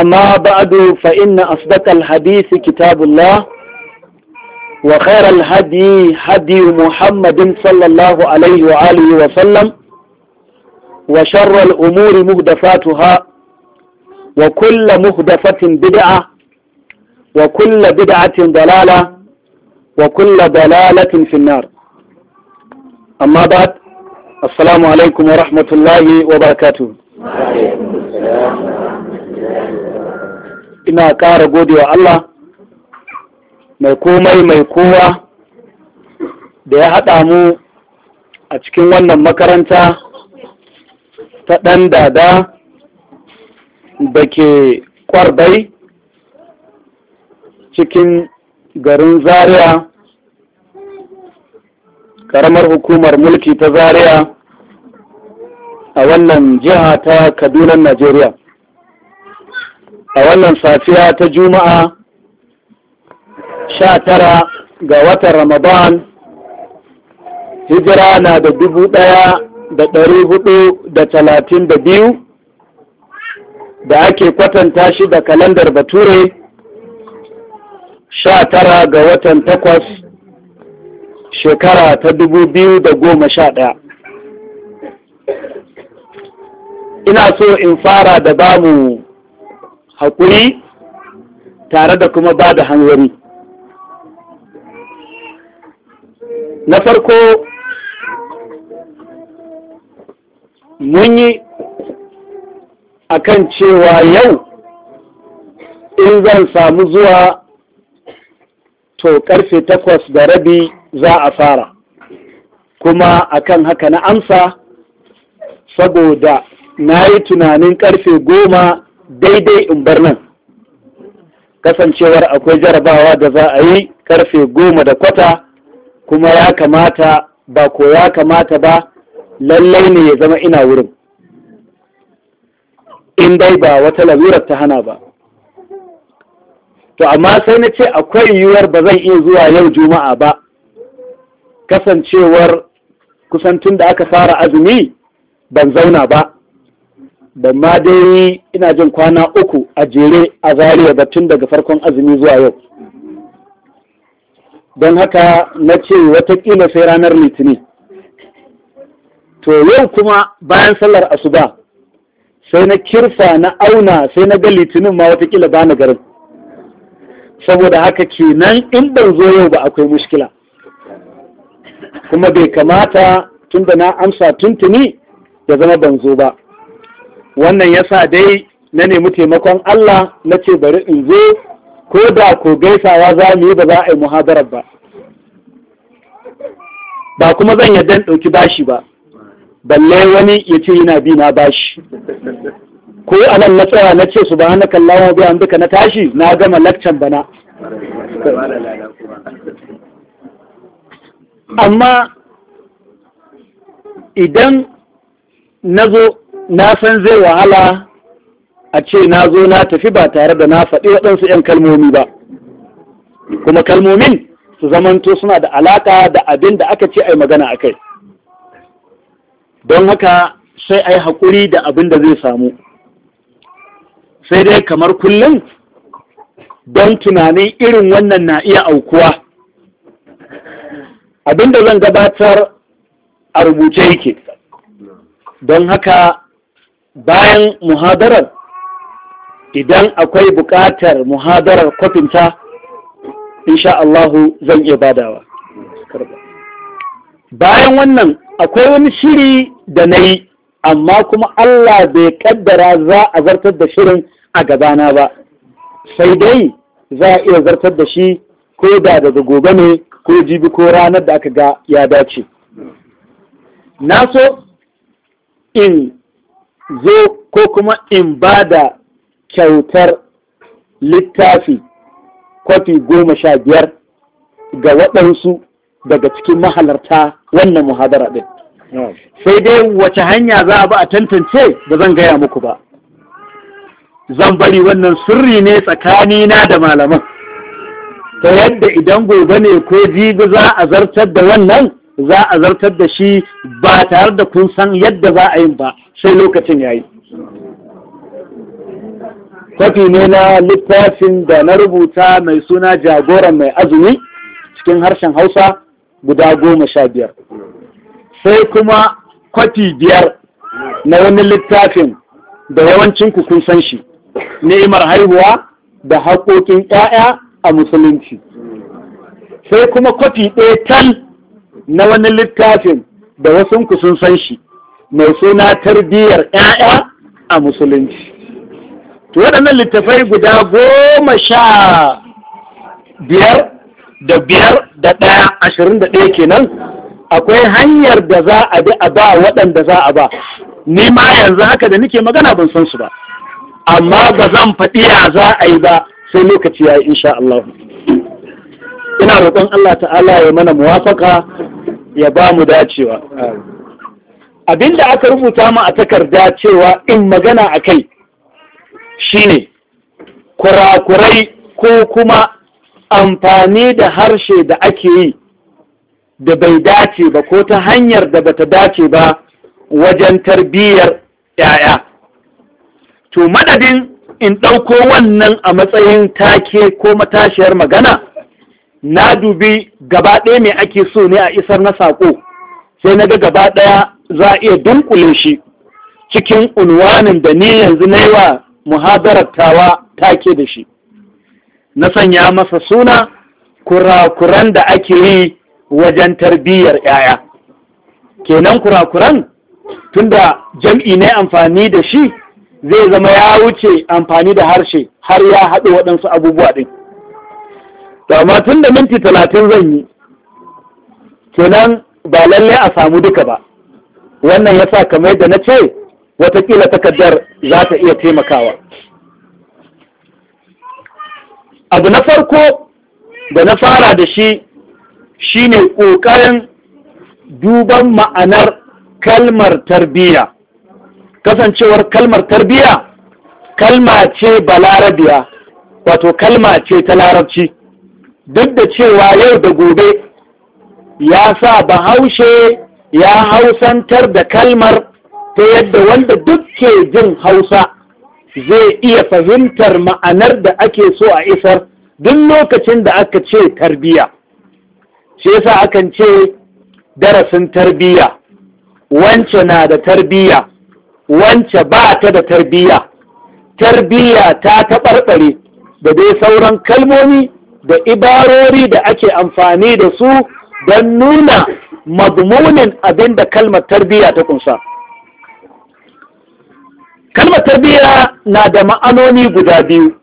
أما بعد فإن أصدق الحديث كتاب الله وخير الهدي هدي محمد صلى الله عليه وآله وسلم وشر الأمور مهدفاتها وكل مهدفة بدعة وكل بدعة ضلالة وكل ضلالة في النار أما بعد السلام عليكم ورحمة الله وبركاته وعليكم السلام ina ƙara godewa Allah mai komai mai kowa da ya haɗa mu a cikin wannan makaranta ta ɗan dada da ke ƙwarbai cikin garin zaria ƙaramar hukumar mulki ta zaria a wannan jiha ta kaduna najeriya a wannan safiya ta juma'a sha tara ga watan ramadan hijira na da dubu ɗaya da ɗari hudu da talatin da biyu da ake kwatanta shi da kalandar bature sha tara ga watan takwas shekara ta dubu biyu da goma sha ɗaya ina so in fara da bamu haƙuri tare da kuma ba da hanzari na farko mun yi a kan cewa yau in zan samu zuwa to ƙarfe takwas da rabi za a fara kuma akan haka na amsa saboda na yi tunanin ƙarfe goma daidai in bar nan kasancewar akwai jarabawa da za a yi karfe goma da kwata kuma ya kamata ba ko ya kamata ba lallai ne ya zama ina wurin in dai ba wata lalurar ta hana ba to amma sai na ce akwai yiwuwar ba zan iya zuwa yau juma'a ba kasancewar kusan tun da aka fara azumi ban zauna ba Da ma dai ina jin kwana uku a jere a zariya da tun daga farkon azumi zuwa yau don haka na ce watakila sai ranar litinin to yau kuma bayan sallar asuba sai na kirfa na auna sai na ga litinin ma watakila ba na garin saboda haka kenan in ban zo yau ba akwai mushkila kuma bai kamata tun da na amsa tuntuni ya zama ban zo ba wannan ya sa dai na nemi taimakon Allah na ce bari in zo ko da ko gaisawa za mu yi ba za a yi muhadarar ba ba kuma zan yadda in ɗauki bashi ba balle wani ya ce yana bi na bashi ko a nan na tsaya na ce subhanaka kallawa bi duka na tashi na gama lakcan bana amma idan na zo na san zai wahala a ce na zo na tafi ba tare da na faɗi waɗansu 'yan kalmomi ba kuma kalmomin su zamanto suna da alaƙa da abin da aka ce a magana a kai don haka sai a yi haƙuri da abin da zai samu sai dai kamar kullum don tunanin irin wannan na iya aukuwa abin da zan gabatar a rubuce yake don haka bayan muhadarar idan akwai buƙatar muhadarar kwafinta insha Allahu zan iya badawa bayan wannan akwai wani shiri da na yi amma kuma Allah bai kaddara za a zartar da shirin a gabana ba sai dai za a iya zartar da shi ko da daga gobe ne ko jibi ko ranar da aka ga ya dace na so in zo ko kuma in ba da kyautar littafi kwafi goma sha biyar ga waɗansu daga cikin mahalarta wannan muhadara ɗin. Sai dai wace hanya za a ba a tantance da zan gaya muku ba. Zan bari wannan sirri ne tsakanina da malaman. Ta yadda idan gobe ne ko jibi za a zartar da wannan za a zartar da shi ba tare da kun san yadda za a yin ba sai lokacin yayi kwafi ne na littafin da na rubuta mai suna jagoran mai azumi cikin harshen hausa guda goma sha biyar sai kuma kwafi biyar na wani littafin da yawancin kun san shi ni'imar haihuwa da haƙoƙin 'ya'ya a musulunci sai kuma kwafi ɗaya tal na wani littafin da wasunku sun san shi mai suna tarbiyyar 'ya'ya a musulunci to waɗannan littafai guda goma sha biyar da biyar da ɗaya ashirin da ɗaya kenan akwai hanyar da za a bi a ba waɗanda za a ba ni ma yanzu haka da nike magana ban san su ba amma ba zan faɗi ya za a yi ba sai lokaci ya yi insha Allah ina roƙon Allah ta'ala ya mana muwafaka ya ba mu dacewa abinda aka rubuta mu a takarda cewa in magana a kai shi ne kurakurai ko kuma amfani da harshe da ake yi da bai dace ba ko ta hanyar da bata dace ba wajen tarbiyyar 'ya'ya to madadin in ɗauko wannan a matsayin take ko matashiyar magana na dubi gaba ɗaya mai ake so ne a isar na saƙo sai na ga gaba ɗaya za a iya dunkule shi cikin unwanin da ni yanzu na yi wa muhadarar tawa ke da shi na sanya masa suna kurakuran da ake yi wajen tarbiyyar 'ya'ya kenan kurakuran tunda jam'i ne amfani da shi zai zama ya wuce amfani da harshe har ya haɗu waɗansu abubuwa ɗin to amma tun da minti talatin zan yi kenan ba lalle a samu duka ba wannan ya sa kamar da na ce watakila takaddar za ta iya taimakawa abu na farko da na fara da shi shine ƙoƙarin duban ma'anar kalmar tarbiyya kasancewar kalmar tarbiyya kalma ce balarabiya wato kalma ce ta larabci duk da cewa yau da gobe ya sa bahaushe ya hausantar da kalmar ta yadda wanda duk ke jin hausa zai iya fahimtar ma'anar da ake so a isar duk lokacin da aka ce tarbiya shi yasa akan ce darasin tarbiya wance na da tarbiya wance ba ta da tarbiya tarbiya ta taɓarɓare da dai sauran kalmomi da ibarori da ake amfani da su don nuna mazmunin abin da kalmar tarbiyya ta kunsa kalmar tarbiyya na da ma'anoni guda biyu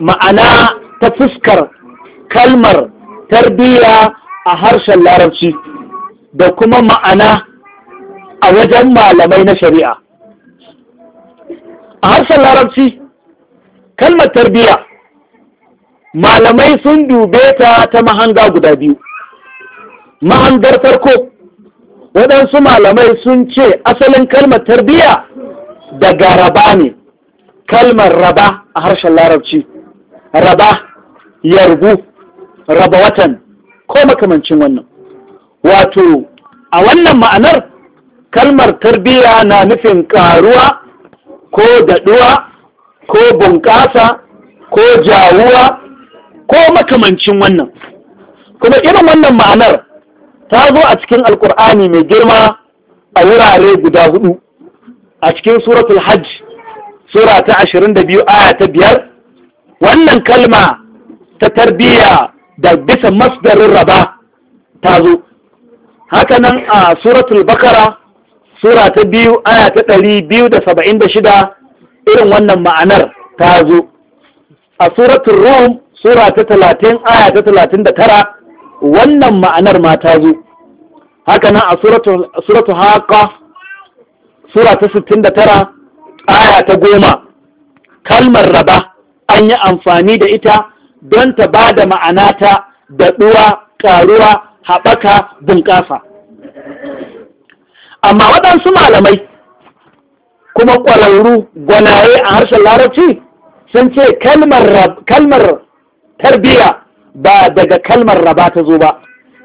ma'ana ta fuskar kalmar tarbiyya a harshen larabci da kuma ma'ana a wajen malamai na shari'a a harshen larabci kalmar tarbiyya malamai sun dube ta ta mahanga guda biyu mahangar farko waɗansu malamai sun ce asalin kalmar tarbiyya daga raba ne kalmar raba a harshen larabci raba yarbu raba watan ko makamancin wannan wato a wannan ma'anar kalmar tarbiyya na nufin ƙaruwa, ko daɗuwa ko bunƙasa ko jawuwa ko makamancin wannan kuma irin wannan ma'anar ta zo a cikin alkur'ani mai girma a wurare guda hudu a cikin suratul hajj sura ta biyu aya ta biyar wannan kalma ta tarbiyya da bisa masdarin raba ta zo hakanan a suratul bakara sura ta biyu aya ta ɗari biyu da saba'in da shida irin wannan ma'anar ta zo a suratul rum sura ta talatin aya ta talatin da tara wannan ma'anar ma ta zo haka nan a suratu haka sura ta sittin da tara aya ta goma kalmar raba an yi amfani da ita don ta ba da ma'ana ta daɗuwa ƙaruwa haɓaka bunƙasa amma waɗansu malamai kuma ƙwararru gwanaye a harshen larabci sun ce kalmar tarbiya ba daga kalmar raba ta zo ba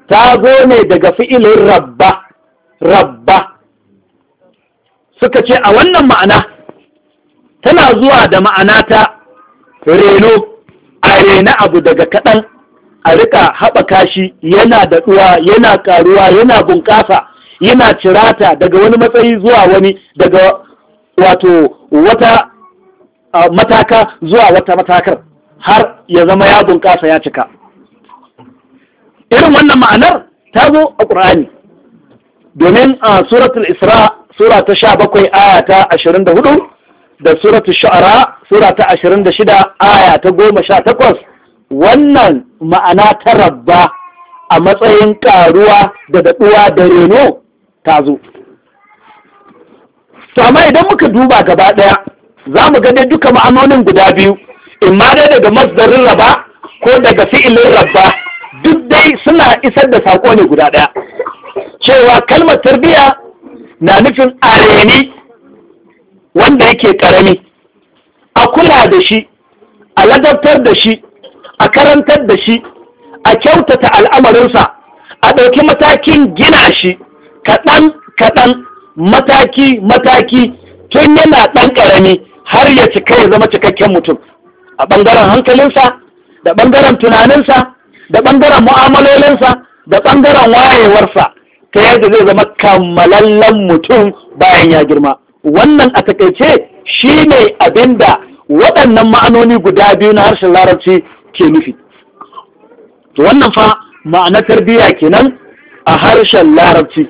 ta zo ne daga fi'ilin rabba rabba suka ce a wannan ma'ana tana zuwa da ma'ana ta reno a rena abu daga kaɗan a rika haɓaka shi yana da ɗuwa, yana ƙaruwa yana bunƙasa yana cirata daga wani matsayi zuwa wani daga wato wata mataka zuwa wata matakar har ya zama ya bunƙasa ya cika irin wannan ma'anar ta zo a ƙur'ani domin a suratul isra sura ta sha bakwai aya ta ashirin da hudu da suratul sha'ara sura ta ashirin da shida aya ta goma sha takwas wannan ma'ana ta rabba a matsayin ƙaruwa da daɗuwa da reno ta zo to amma idan muka duba gaba ɗaya za mu ga dai duka ma'anonin guda biyu in dai daga masdarin raba ko daga fi'ilin rabba duk dai suna isar da saƙo ne guda ɗaya cewa kalmar tarbiyya na nufin areni wanda yake ƙarami a kula da shi a ladabtar da shi a karantar da shi a kyautata al'amarinsa a ɗauki matakin gina shi kaɗan kaɗan mataki mataki tun yana ɗan ƙarami har ya cika ya zama cikakken mutum a ɓangaren hankalinsa da ɓangaren tunaninsa da ɓangaren mu'amalolinsa da ɓangaren wayewarsa ta yadda zai zama kammalallen mutum bayan ya girma wannan a takaice shi ne abin da waɗannan ma'anoni guda biyu na harshen larabci ke nufi wannan fa ma'ana tarbiyya kenan a harshen larabci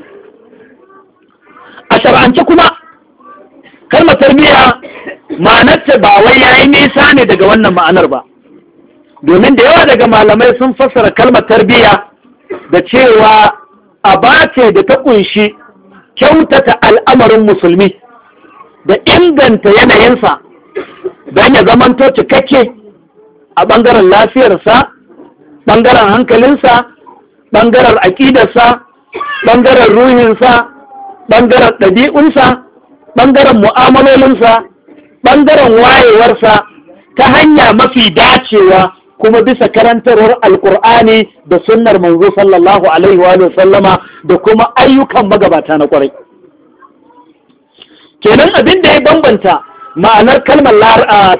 a shar'ance kuma kalmar tarbiyya ma'anarta ba wai ya yi nisa ne daga wannan ma'anar ba domin da yawa daga malamai sun fassara kalmar tarbiyya da cewa a bace da ta kunshi kyautata al'amarin musulmi da inganta yanayinsa don ya zamanto cikakke a ɓangaren lafiyarsa ɓangaren hankalinsa ɓangaren aƙidarsa ɓangaren ruhinsa ɓangaren ɗabi'unsa ɓangaren mu'amalolinsa ɓangaren wayewarsa ta hanya mafi dacewa kuma bisa karantarwar alkur'ani da sunnar manzo sallallahu alaihi wa sallama da kuma ayyukan magabata na kwarai kenan abin da ya bambanta ma'anar kalmar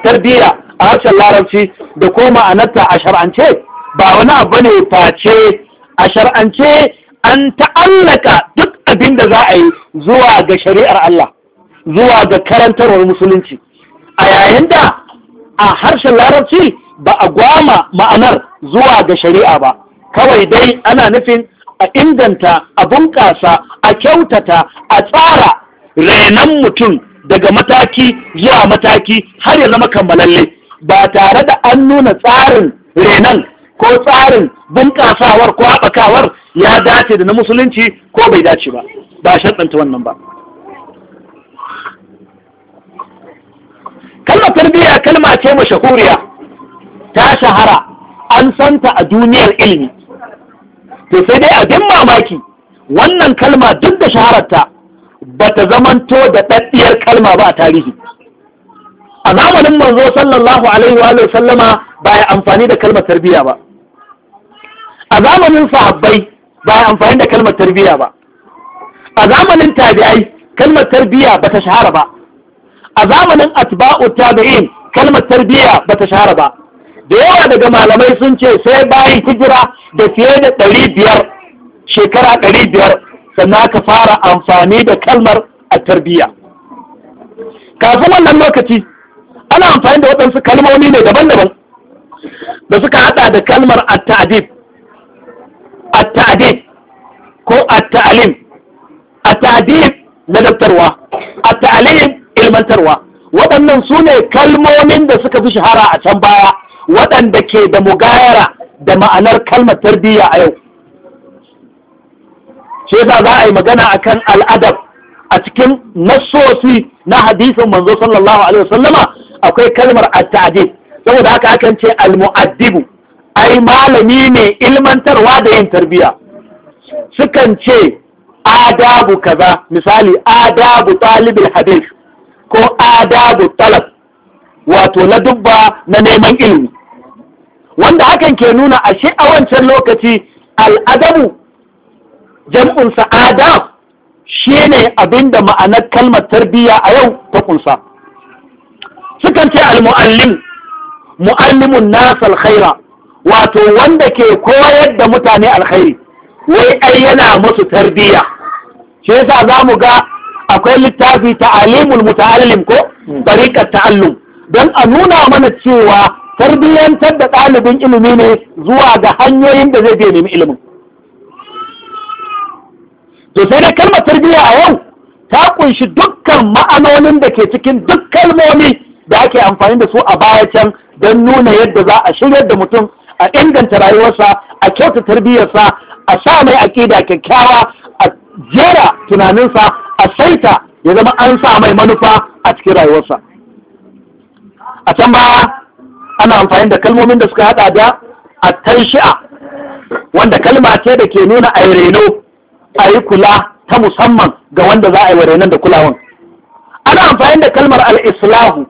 tarbiyya a harshen larabci da ko ma'anarta a shar'ance ba wani abu ne face a shar'ance an ta'allaka duk abin da za a yi zuwa ga shari'ar Allah zuwa ga karantarwar musulunci a yayin da a harshen larabci ba a gwama ma'anar zuwa ga shari'a ba kawai dai ana nufin a inganta a bunƙasa a kyautata a tsara renon mutum daga mataki zuwa mataki har ya zama kammalalle ba tare da an nuna tsarin renon ko tsarin bunƙasawar ko haɓakawar ya dace da na musulunci ko bai dace ba ba shaɗanta wannan ba kalmar tarbiyya kalma ce mashahuriya ta shahara an santa a duniyar ilimi to sai dai abin mamaki wannan kalma duk da shahararta ba ta zamanto da ɗaɗɗiyar kalma ba a tarihi a zamanin manzo sallallahu alaihi wa sallama ba ya amfani da kalmar tarbiyya ba a zamanin sahabbai ba ya amfani da kalmar tarbiyya ba a zamanin tabi'ai kalmar tarbiyya ba ta shahara ba a zamanin atba'u tabi'in kalmar tarbiyya bata shahara ba da yawa daga malamai sun ce sai bayan hijira da fiye da ɗari biyar shekara ɗari biyar sannan aka fara amfani da kalmar a tarbiyya kafin wannan lokaci ana amfani da waɗansu kalmomi ne daban-daban da suka haɗa da kalmar at-ta'dib at-ta'dib ko at-ta'lim at-ta'dib na daftarwa at-ta'lim ilmantarwa waɗannan su ne kalmomin da suka fi shahara a can baya waɗanda ke da mugayara da ma'anar kalmar tarbiyya a yau shi yasa za a yi magana akan al'adab a cikin nasosi na hadisin manzo sallallahu alaihi wasallama akwai kalmar at saboda haka akan ce almu'addibu ai malami ne ilmantarwa da yin tarbiyya sukan ce adabu kaza misali adabu talibul hadith ko adabu talab wato na dubba na neman ilimi wanda hakan ke nuna ashe a wancan lokaci al'adabu jam'unsa adab shi ne da ma'anar kalmar tarbiyya a yau ta kunsa sukan ce al-mu'allim mu'allimun nas khaira wato wanda ke koyar da mutane alkhairi wai ai yana musu tarbiyya shi yasa zamu ga akwai littafi ta alimul muta'allim ko hmm. tariqat ta'allum don a nuna mana cewa tarbiyyantar da ɗalibin ilimi ne zuwa ga hanyoyin da zai je nemi ilimin to sai da kalmar tarbiyya a yau ta kunshi dukkan ma'anonin da ke cikin duk kalmomi da ake amfani da su a baya can don nuna yadda za a shiryar da mutum a inganta rayuwarsa a kyauta tarbiyyarsa a sa mai aƙida kyakkyawa a jera tunaninsa a saita ya zama an sa mai manufa a cikin rayuwarsa a can baya ana amfani da kalmomin da suka hada da at shi'a wanda kalma ce da ke nuna a reno a yi kula ta musamman ga wanda za a yi renon da kulawan ana amfani da kalmar al'islahu,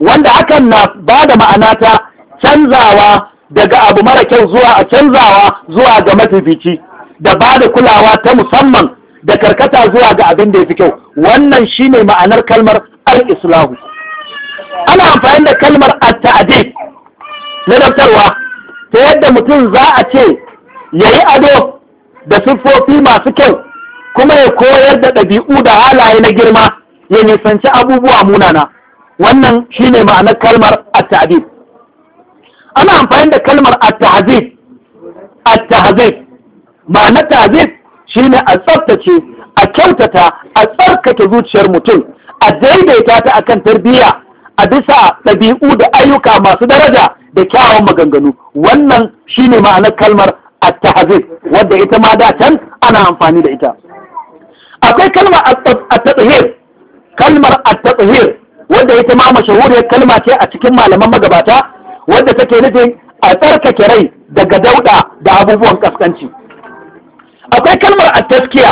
wanda hakan na ba da ma'ana ta canzawa daga abu mara kyau zuwa a canzawa zuwa ga mafifici da ba da kulawa ta musamman da karkata zuwa ga abin da ya fi kyau wannan shi ne ma'anar kalmar al-islahu ana amfani da kalmar at na daftarwa ta yadda mutum za a ce ya yi ado da siffofi masu kyau kuma ya koyar da ɗabi'u da halaye na girma ya nisanci abubuwa munana wannan shi ne ma'anar kalmar at ana amfani da kalmar at-tahzib ma'anar tahzib Shi ne a tsaftace a kyautata a tsarkake zuciyar mutum a daidaita ta a kan tarbiyya a bisa ɗabi'u da ayyuka masu daraja da kyawun maganganu wannan shi ne ma'anar kalmar at-tahzib wadda ita ma da can ana amfani da ita akwai kalmar at kalmar at-tathhir wadda ita ma mashahuriyar kalma ce a cikin malaman magabata wadda take nufin a tsarkake rai daga dauɗa da abubuwan kaskanci akwai kalmar a taskiya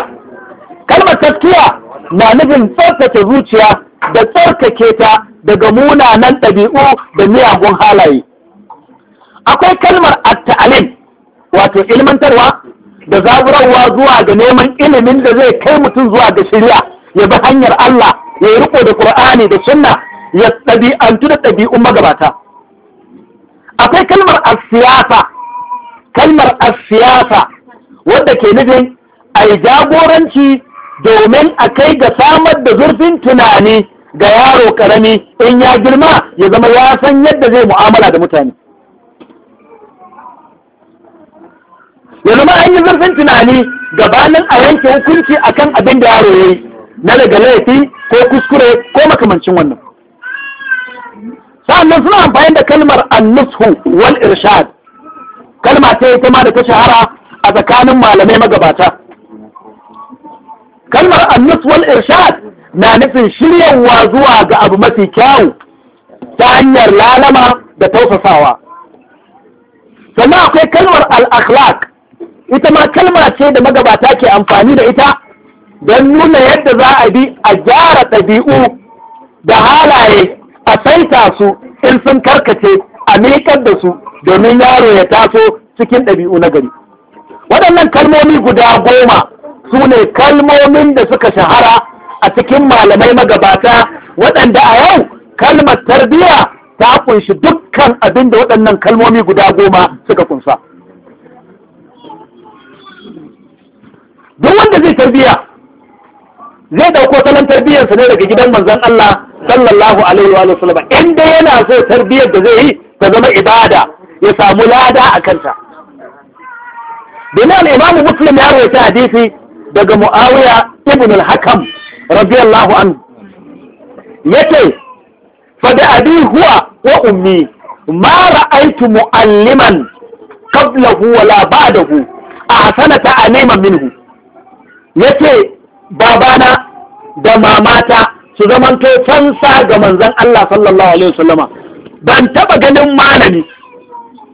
kalmar taskiya na nufin tsarkake zuciya da tsarkake ta daga munanan ɗabi'u da miyagun halaye akwai kalmar atta'alim wato ilmantarwa da zaburarwa zuwa ga neman ilimin da zai kai mutum zuwa ga shirya ya bi hanyar Allah ya yi riko da Qur'ani da sunna ya ɗabi'antu da ɗabi'un magabata akwai kalmar a siyasa. kalmar a siyasa. wanda ke nufin a yi jagoranci domin a kai ga samar da zurfin tunani ga yaro karami in ya girma ya zama ya san yadda zai mu'amala da mutane ya zama an yi zurfin tunani gabanin a yanke hukunci akan abin da yaro ya yi na daga laifi ko kuskure ko makamancin wannan sa'annan suna amfani da kalmar annushu wal irshad kalma ta ita ma da ta shahara a tsakanin malamai magabata kalmar annus wal irshad na nufin shiryawa zuwa ga abu mafi kyawu ta hanyar lalama da tausasawa sannan akwai kalmar al ita ma kalma ce da magabata ke amfani da ita don nuna yadda za a bi a gyara ɗabi'u da halaye a saita su in sun karkace a miƙar da su domin yaro ya taso cikin ɗabi'u na gari waɗannan kalmomi guda goma su ne kalmomin da suka shahara a cikin malamai magabata waɗanda a yau kalmar tarbiyya ta kunshi dukkan abin da waɗannan kalmomi guda goma suka kunsa duk wanda zai tarbiyya zai ɗauko salon tarbiyyarsa ne daga gidan manzon Allah sallallahu alaihi wa sallam Inda yana so tarbiyyar da zai yi ta zama ibada ya samu lada a kanta domin al'imamu muslim ya rawaita hadisi daga mu'awiya ibn al-hakam radiyallahu an yace ce fada abi huwa wa ummi ma ra'aitu mu'alliman qablahu wa la ba'dahu ta ta'aliman minhu ce, babana da mamata su zamanto fansa ga manzon Allah sallallahu alaihi wasallama ban taba ganin malami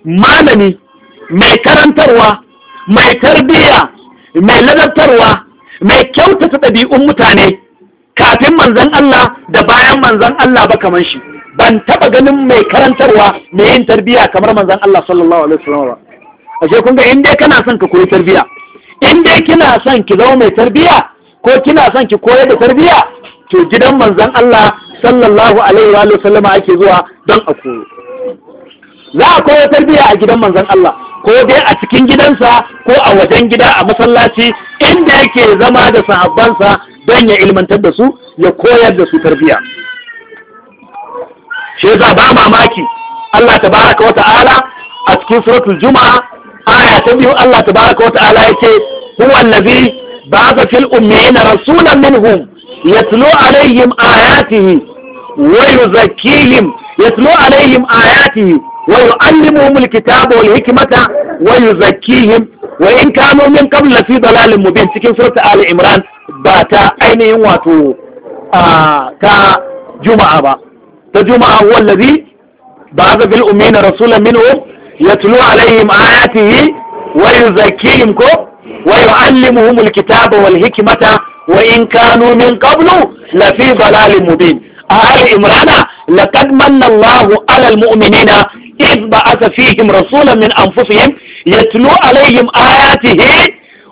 malami mai karantarwa mai tarbiyya mai ladabtarwa mai kyautata ɗabi'un mutane kafin manzan Allah da bayan manzan Allah ba kamar shi ban taba ganin mai karantarwa mai yin tarbiyya kamar manzan Allah sallallahu alaihi wasallam ashe kun ga inda kana son ka koyi tarbiyya inda kina son ki zama mai tarbiyya ko kina son ki koyar da tarbiyya to gidan manzan Allah sallallahu alaihi wasallam ake zuwa don a koyo za a koyo tarbiyya a gidan manzan Allah ko dai a cikin gidansa ko a wajen gida a masallaci inda yake zama da sahabbansa don ya ilmantar da su ya koyar da su tarbiyya shi ba mamaki Allah tabaraka wata'ala a cikin suratul juma'a aya ta biyu Allah tabaraka wata'ala yake huwa allazi ba'atha fil ummiyina rasulan minhum yatlu alaihim ayatihi wa yuzakkihim yatlu alaihim ayatihi wa yu'allimuhum alkitaba wal hikmata wa yuzakkihim wa in kanu min qabl fi dalalin mubin cikin surta ali ba ta ainihin wato ta juma'a ba ta juma'a huwa allazi ba'atha bil ummina Ya tulu yatlu alaihim ayatihi yi yuzakkihim ko wa yu'allimuhum alkitaba wal hikmata wa in kanu min qablu fi 'alal mu'minina إذ بعث فيهم رسولا من أنفسهم يتلو عليهم آياته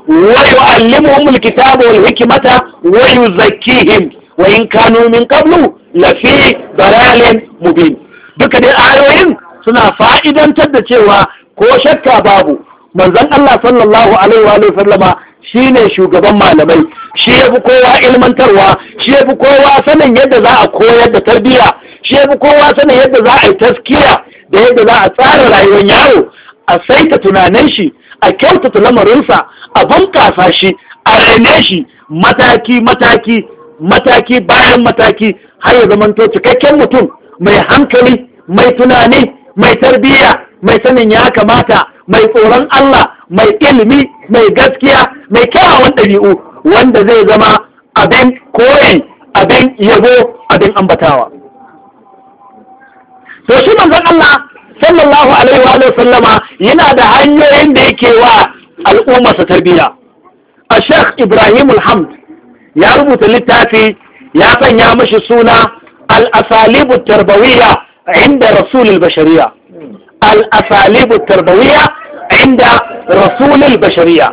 ويعلمهم الكتاب والحكمة ويزكيهم وإن كانوا من قبل لفي ضلال مبين duka dai ayoyin suna fa'idantar da cewa ko shakka babu manzon Allah sallallahu alaihi wa sallama shi ne shugaban malamai shi ya fi kowa ilmantarwa shi ya fi kowa sanin yadda za a koyar da tarbiyya shi ya fi kowa sanin yadda za a yi taskiya da yadda za a tsara rayuwar yaro a saita tunanin shi a kyautata lamarinsa a bunƙasa shi a raine shi mataki mataki mataki bayan mataki har ya zamanto cikakken mutum mai hankali mai tunani mai tarbiyya mai sanin ya kamata mai tsoron Allah mai ilimi mai gaskiya mai kyawawan ɗabi'u wanda zai zama abin koyi abin yabo abin ambatawa to shi manzon Allah sallallahu alaihi wa sallama yana da hanyoyin da yake wa al'ummarsa tarbiyya a sheikh ibrahim alhamd ya rubuta littafi ya sanya mashi suna al-asalibu tarbawiyya inda rasulul bashariya al-asalibu tarbawiyya inda rasulul bashariya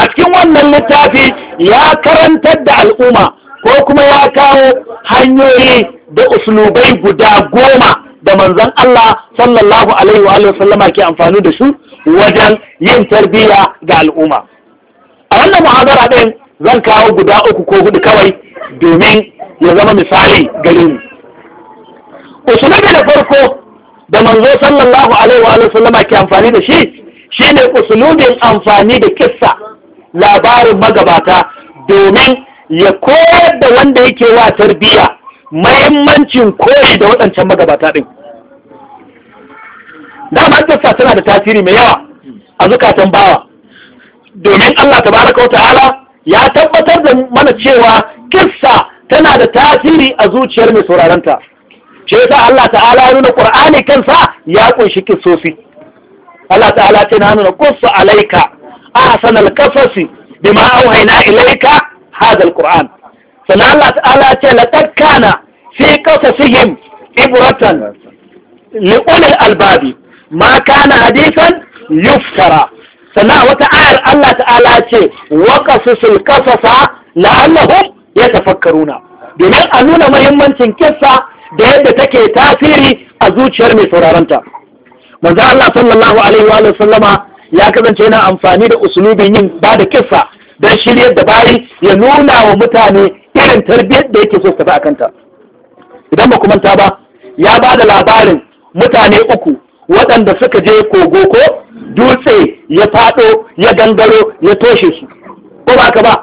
a cikin wannan littafi ya karantar da al'umma ko kuma ya kawo hanyoyi da uslubai guda goma da manzon Allah sallallahu alaihi wa sallama ke amfani da su wajen yin tarbiyya ga al'umma a wannan muhazara ɗin zan kawo guda uku ko hudu kawai domin ya zama misali gare mu usulubi da farko da manzo sallallahu alaihi wa sallama ke amfani da shi shi shine usulubin amfani da kissa labarin magabata domin ya koyar da wanda yake wa tarbiyya mahimmancin koyi da waɗancan magabata ɗin dama kissa tana da tasiri mai yawa a zukatan bawa domin Allah tabaraka wa ya tabbatar da mana cewa kissa tana da tasiri a zuciyar mai sauraranta ce ta Allah ta'ala nuna ƙur'ani kansa ya ƙunshi kissosi Allah ta'ala ce na nuna alaika alayka sanar kasasi bi ma'auhaina ilaika hadal alquran sannan Allah ta'ala ce la takkana fi qasasihim ibratan li ulil albabi ma kana hadisan yuftara sannan wata ayar Allah ta'ala ce wa qasusul qasasa la'allahum yatafakkaruna domin a nuna muhimmancin kissa da yadda take tasiri a zuciyar mai sauraronta manzo Allah sallallahu alaihi wa sallama ya kasance yana amfani da usulubin yin ba da kissa don shiryar da bayi ya nuna wa mutane irin tarbiyyar da yake so su tafi a kanta idan ba kuma ba ya ba da labarin mutane uku waɗanda suka je kogo ko dutse ya faɗo ya gangaro ya toshe su ko ba ka ba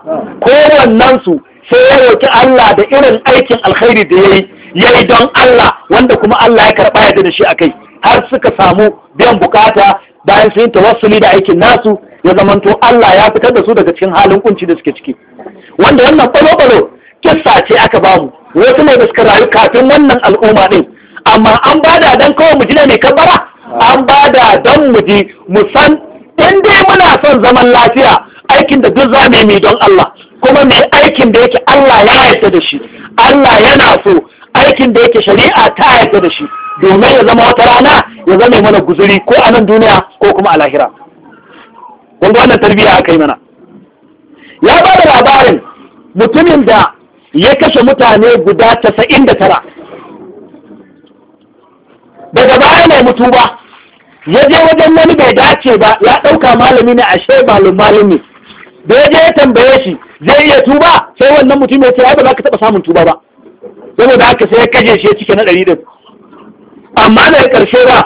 wannan su sai ya roki Allah da irin aikin alkhairi da yayi yayi don Allah wanda kuma Allah ya karɓa ya da shi a kai, har suka samu biyan bukata bayan sun yi tawassuli da aikin nasu ya zamanto Allah ya fitar da su daga cikin halin kunci da suke ciki wanda wannan balo-balo kissa ce aka bamu wasu ne da suka rayu kafin wannan al'umma din amma an ba da dan kawai mu ji ne kabara an ba da dan mu ji mu san in dai muna son zaman lafiya aikin da duk za mu yi don Allah kuma mai aikin da yake Allah ya yarda da shi Allah yana so aikin da yake shari'a ta yarda da shi domin ya zama wata rana ya zama mana guzuri ko a nan duniya ko kuma a lahira kun ga wannan tarbiyya aka yi mana ya ba da labarin mutumin da ya kashe mutane guda tasa'in da tara daga baya mai mutu ba ya je wajen wani bai dace ba ya ɗauka malami ne ashe malum malami da ya je ya tambaye shi zai iya tuba sai wannan mutum ya ce ba za ka taɓa samun tuba ba saboda haka sai ya kaje shi ya cike na ɗari ɗin amma daga ƙarshe ba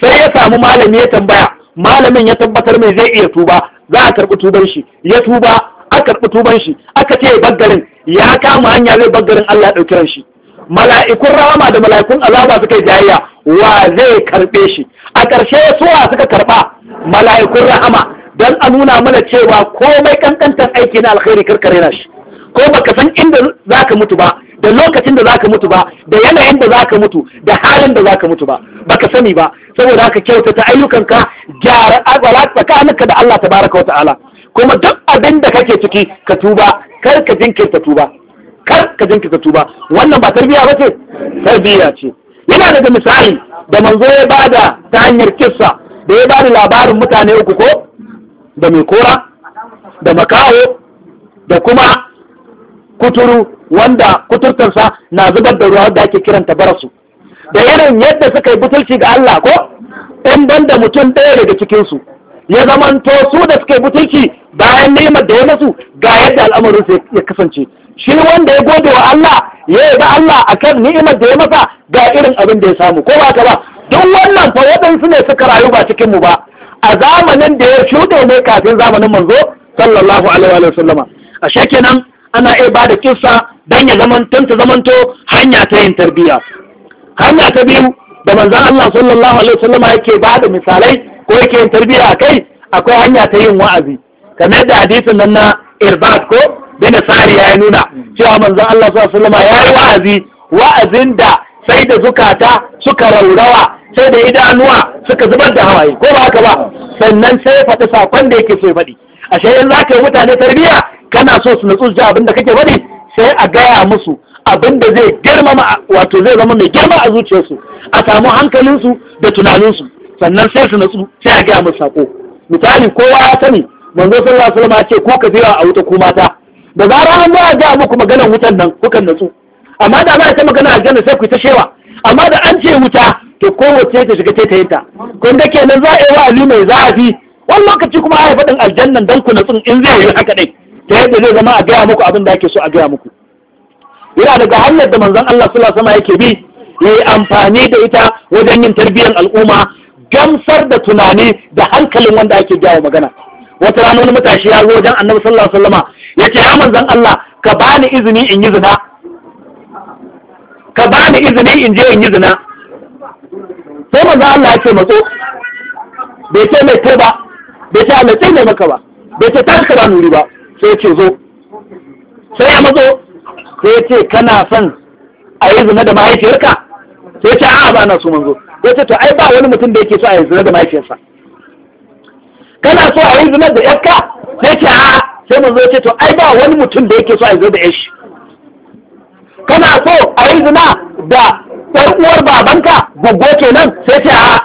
sai ya samu malami ya tambaya malamin ya tabbatar mai zai iya tuba za a karɓi tuban shi ya tuba a karɓi tuban shi aka ce baggarin ya kama hanya zai baggarin Allah ya ɗauki shi mala'ikun rama da mala'ikun azaba suka yi jayayya wa zai karɓe shi a ƙarshe suwa suka karɓa mala'ikun rahama don a nuna mana cewa komai kankantar aiki na alkhairi karkare na shi ko baka san inda za ka mutu ba da lokacin da zaka mutu ba da yanayin da zaka mutu da halin da za ka mutu ba baka sani ba saboda haka kyautata ayyukanka gyara alwala tsakaninka da Allah tabaraka wa ta'ala kuma duk abin da kake ciki ka tuba kar ka jinkirta tuba kar ka jinkirta tuba wannan ba tarbiyya ba ce tarbiyya ce yana daga misali da manzo ya bada ta hanyar kissa da ya bada labarin mutane uku ko da mai kora da makaho da kuma kuturu wanda kuturtarsa na zubar da ruwa da ake kiranta barasu da irin yadda suka yi butulci ga Allah ko in ban da mutum ɗaya daga cikinsu ya zamanto su da suka yi butulci bayan neman da ya masu ga yadda al'amarin ya kasance shi wanda ya gode wa Allah ya yi Allah a kan ni'imar da ya masa ga irin abin da ya samu ko ba ka ba duk wannan fa waɗansu ne suka rayu ba cikinmu ba a zamanin da ya shuɗe ne kafin zamanin manzo sallallahu alaihi wa sallama a shekenan ana iya ba da kissa don ya zamantan zamanto hanya ta yin tarbiyya hanya ta biyu da manzan Allah sallallahu alaihi wasallama yake ba da misalai ko yake yin tarbiyya a kai akwai hanya ta yin wa'azi kamar da hadisin nan na irbat ko bin sari ya nuna cewa manzan Allah sallallahu alaihi sallama ya yi wa'azi wa'azin da sai da zukata suka raurawa sai da idanuwa suka zubar da hawaye ko ba haka ba sannan sai faɗi sakon da yake so ya faɗi ashe yanzu za ka yi mutane tarbiyya kana so su natsu ji abin da kake bane sai a gaya musu abin da zai girmama wato zai zama mai girma a zuciyarsu a samu hankalinsu da tunaninsu sannan sai su natsu sai a gaya musu sako misali kowa ya sani manzo sallallahu alaihi wasallam ce ko ka jira a wuta ko mata da zarar an ga ga muku maganar wutan nan kukan natsu amma da za a ta magana aljanna sai ku ta shewa amma da an ce wuta to kowace ta shiga ta yinta kun da kenan za a yi wa ali mai zafi wani lokaci kuma a yi aljannan dan ku natsun in zai yi haka dai ta yadda zai zama a gaya muku abin da ake so a gaya muku yana daga hanyar da manzon Allah sallallahu alaihi yake bi yayi amfani da ita wajen yin tarbiyyar al'umma gamsar da tunani da hankalin wanda ake gaya magana wata rana wani matashi ya zo wajen annabi sallallahu alaihi ya ce, ya manzon Allah ka bani izini in yi zina ka bani izini in je in yi zina sai manzon Allah ya ce matso bai ce mai kai ba bai ce mai sai mai maka ba bai ce ta ba nuri ba sai ce zo sai ya mazo sai ce kana son a yi zina da mahaifiyarka sai ce a'a ba na so manzo sai ce to ai ba wani mutum da yake so a yi zina da mahaifiyarsa kana so a yi zina da yarka sai ce a'a sai manzo ce to ai ba wani mutum da yake so a yi zina da yashi kana so a yi zina da ɗan uwar babanka gugu kenan sai ce a'a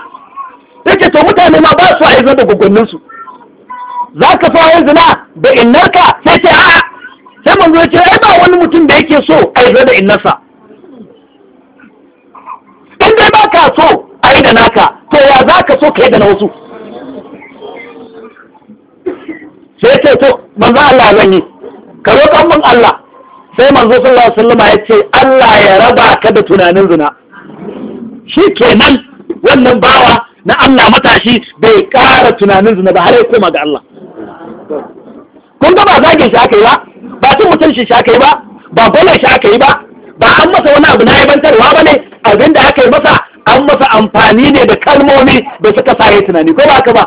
sai ce to mutane ma ba su a yi zina da gugunninsu za ka so zina da innarka sai ce a'a sai manzo ya ce ai ba wani mutum da yake so a yi da innarsa in dai ba ka so a yi da naka to ya za ka so ka yi da na wasu sai ce to manzo Allah zan yi ka kan mun Allah sai manzo sallallahu alaihi wasallam ya ce Allah ya raba ka da tunanin zina shi kenan wannan bawa na Allah matashi bai ƙara tunanin zina ba har ya koma ga Allah kun ga ba zagin shi aka yi ba ba cin mutum shi aka yi ba ba gwamnan shi aka yi ba ba an masa wani abu na yabantarwa ba ne abin da aka yi masa an masa amfani ne da kalmomi da suka sa tunani ko ba ka ba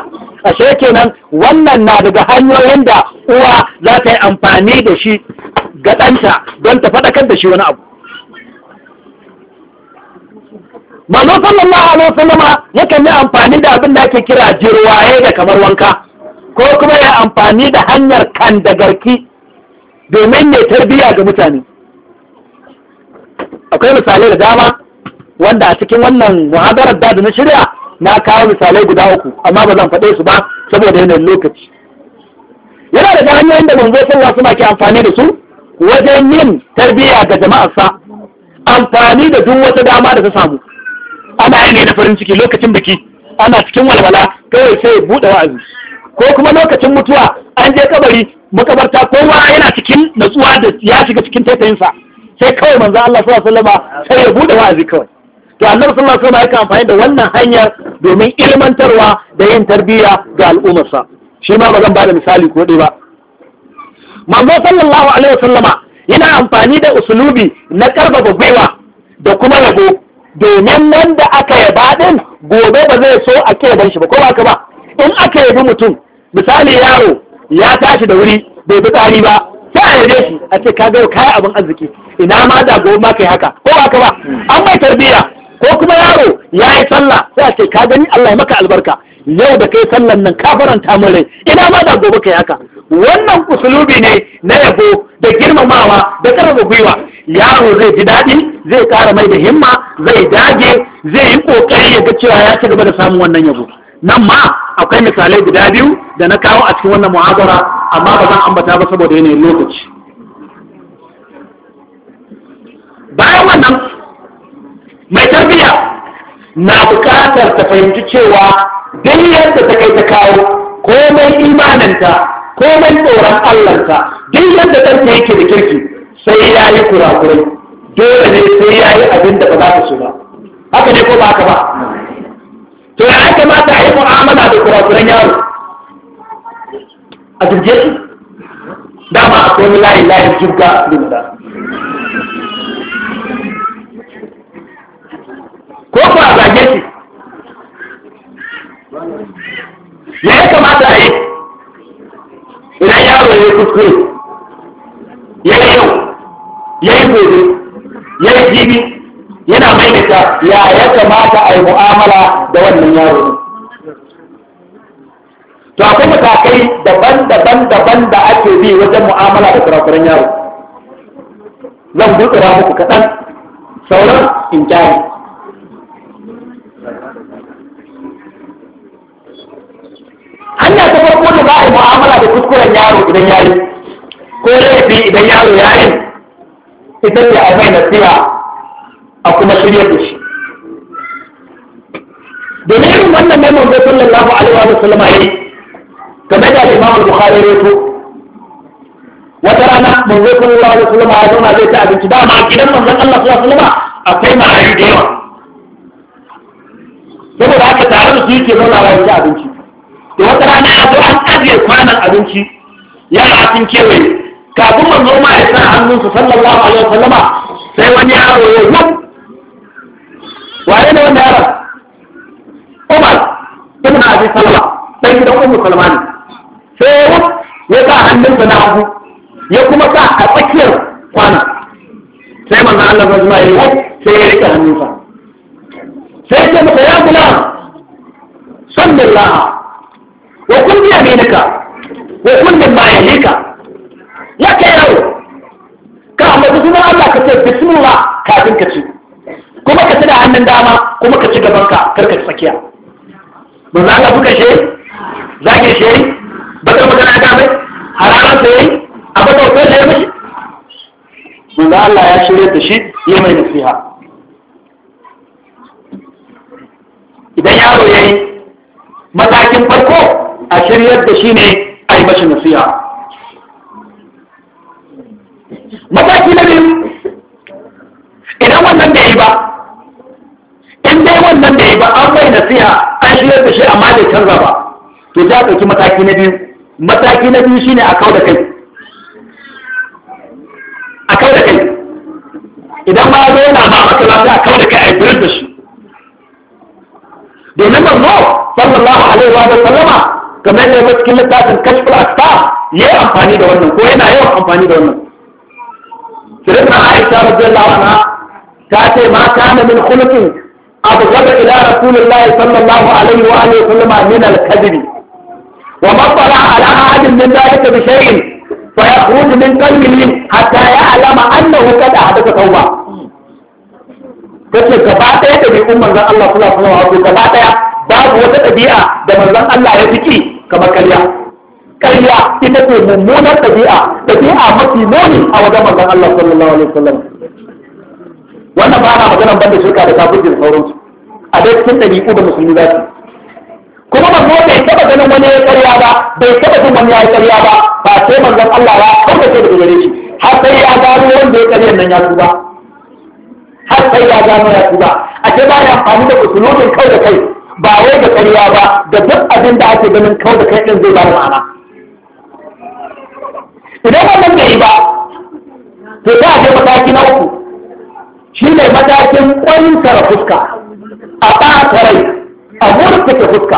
ashe kenan wannan na daga hanyoyin da uwa za ta yi amfani da shi ga ɗanta don ta faɗakar da shi wani abu manzo sallallahu alaihi wasallama yakan yi amfani da abin da ake kira jirwaye da kamar wanka ko kuma ya amfani da hanyar kan da garki domin ya tarbiya ga mutane akwai misalai da dama wanda a cikin wannan muhadarar da na shirya na kawo misalai guda uku amma ba zan faɗe su ba saboda yanayin lokaci yana ta hanyoyin da manzo sallah suna ke amfani da su wajen yin tarbiyya ga jama'arsa amfani da duk wata dama da ta samu ana yanayi da farin ciki lokacin biki ana cikin walwala kawai sai buɗe wa'azi ko kuma lokacin mutuwa an je kabari makabarta kowa yana cikin natsuwa da ya shiga cikin taitayinsa sai kawai manzo Allah sallallahu alaihi wasallam sai ya bude wa'azi kawai to annabi sallallahu alaihi wasallam ya amfani da wannan hanyar domin ilmantarwa da yin tarbiyya ga al'ummarsa shi ma ba zan bada misali ko dai ba manzo sallallahu alaihi wasallama yana amfani da usulubi na karfafa gwiwa da kuma yabo domin wanda aka yaba din gobe ba zai so a ban shi ba ko ba ka ba in aka yabi mutum misali yaro ya tashi da wuri bai bi tsari ba sai a yaje shi a ce ka gaya kayan abin arziki ina ma da gobe ma kai haka ko ba ka ba an mai tarbiyya ko kuma yaro ya yi sallah sai a ce ka gani Allah ya maka albarka yau da kai sallan nan ka faranta min rai ina ma da gobe kai haka wannan usulubi ne na yabo da girmamawa da karfafa gwiwa yaro zai ji daɗi zai ƙara mai da himma zai dage zai yi ƙoƙari ya ga cewa ya ci gaba da samun wannan yabo nan ma akwai misalai guda biyu da na kawo a cikin wannan muhazara amma ba zan ambata ba saboda yanayin lokaci bayan wannan mai tarbiyya na bukatar ta fahimci cewa duk yadda ta kai ta kawo komai imaninta komai tsoron allanta duk yadda ɗanta yake da kirki sai ya yi kurakurai dole ne sai ya yi abin da ba za ta so ba haka ne ko ba haka ba to ya kamata a yi mu'amala da kurakuran yaro a jirje shi dama a komi layi layi jirga dinta ko ko a zage shi ya kamata a yi ina yaro ya yi kuskure ya yi yau ya yi gobe ya yi jibi yana maimaita ya ya kamata a yi mu'amala da wannan yaro to akwai matakai daban-daban daban da ake bi wajen mu'amala da kurakuran yaro zan gutsura muku kaɗan sauran in jari hanya ta farko da za a yi mu'amala da kuskuren yaro idan yayi ko laifi idan yaro yayin idan ya a mai nasiha a kuma shirya da shi domin irin wannan ne manzo sallallahu alaihi wa sallama yayi game da Imam Bukhari ya reto? wata rana manzo sallallahu alaihi wasallam ya zauna zai ci abinci da ma gidan manzon Allah sallallahu alaihi wasallam akwai marayu da yawa saboda haka tare da su yake zauna ya ci abinci to wata rana a zo an ajiye kwanan abinci ya na cikin kewaye kafin manzo ma ya sa hannunsa sallallahu alaihi sallama sai wani yaro ya yi waye ne wanda ya yaron umar ibn abi salama sai gidan ummu salmani sai ya sa hannunsa na hagu ya kuma sa a tsakiyar kwana sai manzo Allah ya zama yayi sai ya rike hannunsa sai ya ce ya kula sallallahu wa kun bi aminika wa kun bi bayanika ya kai rawo ka amma duk Allah ka ce bismillah kafin ka ci kuma ka ci da hannun dama kuma ka ci gaban ka karka tsakiya manzo Allah kuka she zage she bakar magana ta bai hararan sai abin da wata shi mishi manzo Allah ya shirya da shi ya mai nasiha idan yaro yayi matakin farko a shiryar da shi ne a yi mashi nasiha mataki na biyu ba an mai nasiha an shirya da shi amma bai canza ba to ta ɗauki mataki na biyu mataki na biyu shine a kau da kai a kau da kai idan ma zo yana ma masallaci a kau da kai a yi da shi domin manzo sallallahu alaihi wa sallama kamar da ya cikin littafin kashful asfar ya yi amfani da wannan ko yana yawan amfani da wannan sirrin aisha radiyallahu anha ta ce ma kana min khuluqin أبغض إلى رسول الله صلى الله عليه وآله وسلم من الكذب ومن طلع على أحد من ذلك بشيء فيخرج من قلبه حتى يعلم أنه قد أحدث توبة kace gaba ɗaya ɗabi'un manzon Allah sallallahu alaihi wasallam gaba ɗaya babu wata ɗabi'a da manzon Allah ya fiki kamar karya karya ita ce mummunar ɗabi'a ɗabi'a mafi muni a wajen manzon Allah sallallahu alaihi wasallam wannan ba ana maganar banda shirka da kafirci da sauransu a dai cikin ɗabi'u da musulmi za su kuma manzo bai taɓa ganin wani ya karya ba bai taɓa jin wani ya karya ba ba sai manzon Allah ya sai daga gare shi har sai ya gano wanda ya karya nan ya tuba har sai ya gano ya tuba a ce ba ya amfani da usulobin kai da kai ba wai da karya ba da duk abin da ake ganin kau da kai din zai ba da ma'ana idan wannan bai ba to ta je mataki na uku ne matakin kwantar fuska a ɓata rai a murtuka fuska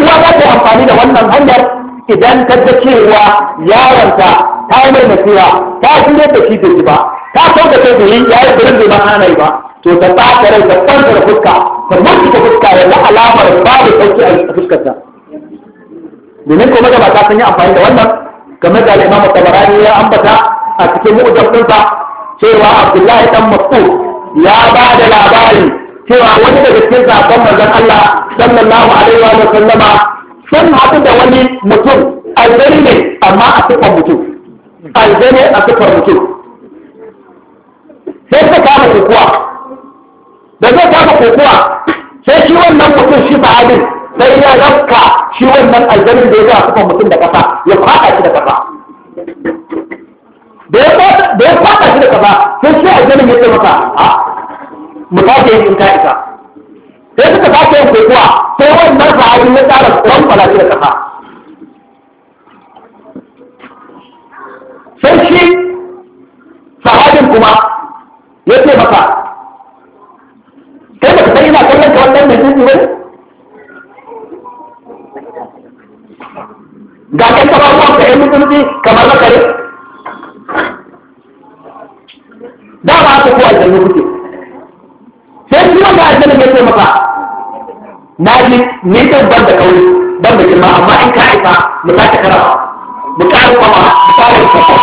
uwa za ta amfani da wannan hanyar idan ta ga cewa yaronta ta yi mai nasiha ta shirya da shi da shi ba ta san da kai yi ya yi birin bai ma'ana ba to ta ɓata rai ta kwantar fuska ta murtuka fuska ya ga alamar babu sauki a ta domin kuma da ba ta sun yi amfani da wannan game da al'imam tabarani ya ambata a cikin mu'jam cewa abdullahi dan mas'ud ya ba da labari cewa wani daga cikin sakon manzon Allah sallallahu alaihi wa sallama sun haɗu da wani mutum aljani ne amma a sifar mutum aljani a sifar mutum sai ta kama kokowa da zai kama kokowa sai shi wannan mutum shi fa'adin sai ya rafka shi wannan aljanin da ya a sifar mutum da ƙasa, ya faɗa shi da ƙasa. da ya kwata shi da kafa sai shi a jinin ya ce maka a mu sake yin ka isa sai suka sake yin kokowa sai wannan sahabi ya tsara tsoron falashi da kafa sai shi sahabin kuma ya ce maka kai baka san ina kallon ka wannan mai jinsi ga kai ka ba ruwan ka yan mutunci kamar makare da ba haka ko aljanna kuke sai shi wanda aljanna ya ce maka na ji ni zan ban da kauri ban da girma amma in ka haifa mu za ta karawa mu ƙara kwama mu Ta kwama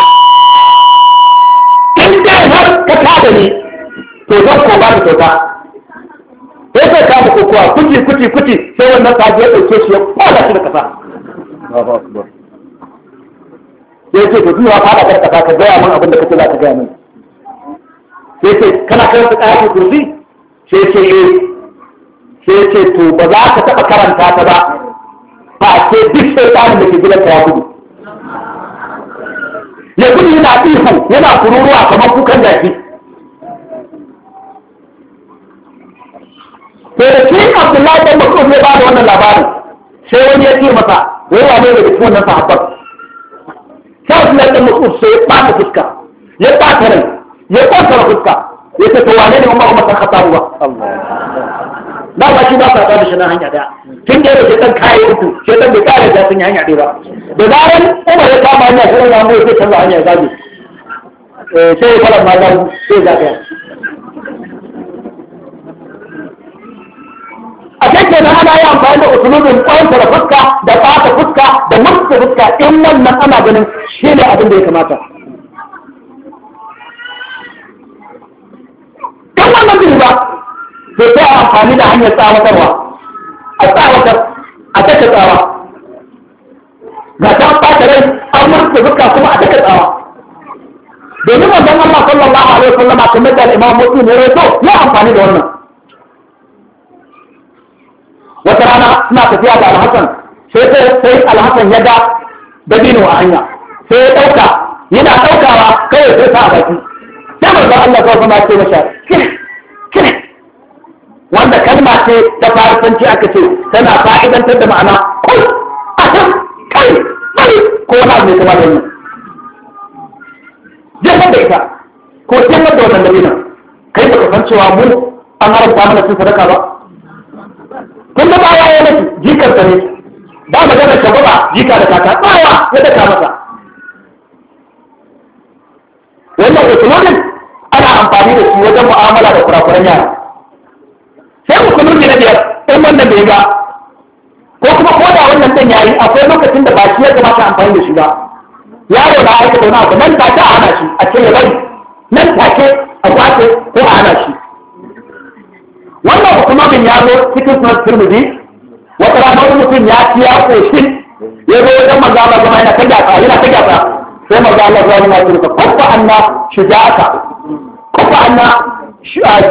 in dai har ka tada ni to zan ko ba ni kyauta sai sai ka muku kuwa kuci kuci kuci sai wannan sabi ya ɗauke shi ya kwala shi da kasa ya ce ka zuwa fada karkata ka gaya min abin da kake za ka gaya min sai ce kana karanta ayatul kursi sai ce eh. sai ce to ba za ka taba karanta ta ba ba ce duk sai shaytanin da ke gidan ta ya gudu ya gudu yana ihu yana kururuwa kamar kukan jaki to da shi Abdullahi dan Mas'ud ne ba da wannan labarin sai wani ya ce masa wai wane ne da cikin wannan sahabban sai Abdullahi dan Mas'ud sai ya ɓata fuska ya ɓata rai ya kwanta fuska ya ce to wane ne umar umar san khattabu ba ba ba shi ba sa da shi na hanya daya tun da yake kan kayan uku sai dan bai kare da sun hanya daya ba da zaran umar ya kama hanya sai ya mu sai canza hanya ya zage eh sai ya ma da sai ya zage a ke da ana yi amfani da usulubin kwanta da fuska da fata fuska da mutsa fuska in wannan ana ganin shi ne abin da ya kamata don wannan bai ba bai ta amfani da hanyar ba a tsawatar a take tsawa ga ta ɓata rai an murka zuka kuma a take tsawa domin wannan Allah sallallahu alaihi wasallam kamar da Imam Muslim ya rawaito ya amfani da wannan wata rana suna tafiya da alhassan sai sai alhassan ya ga dabino a hanya sai ya ɗauka yana ɗaukawa kawai sai sa a baki sai manzon Allah ko kuma ce masa kire kire wanda kalma ce da farfanci aka ce tana fa'idantar da ma'ana kul atam kai kai ko na mai kuma da ni jefar da ita ko jefar da wannan dalila kai baka san cewa mu an haramta mana cin sadaka ba kun da baya ya mutu jikar ta ne ba magana ka ba jika da kaka baya ya daka masa wannan usmanin ana amfani da shi wajen mu'amala da kurakuran yara sai ku kunu ne na biyar in wannan bai ga ko kuma ko da wannan dan yayi akwai lokacin da ba shi ya kamata amfani da shi ba yaro na aika da wani nan ta a ana shi a cikin ya nan ta ke a kwace ko a ana shi wannan hukumomin ya zo cikin sunan turmudi wata ranar mutum ya ci ya koshin ya zo wajen manzo Allah zama yana ta gyafa yana ta gyafa sai manzo Allah zama yana turka kwakwa annas شجاعك وأن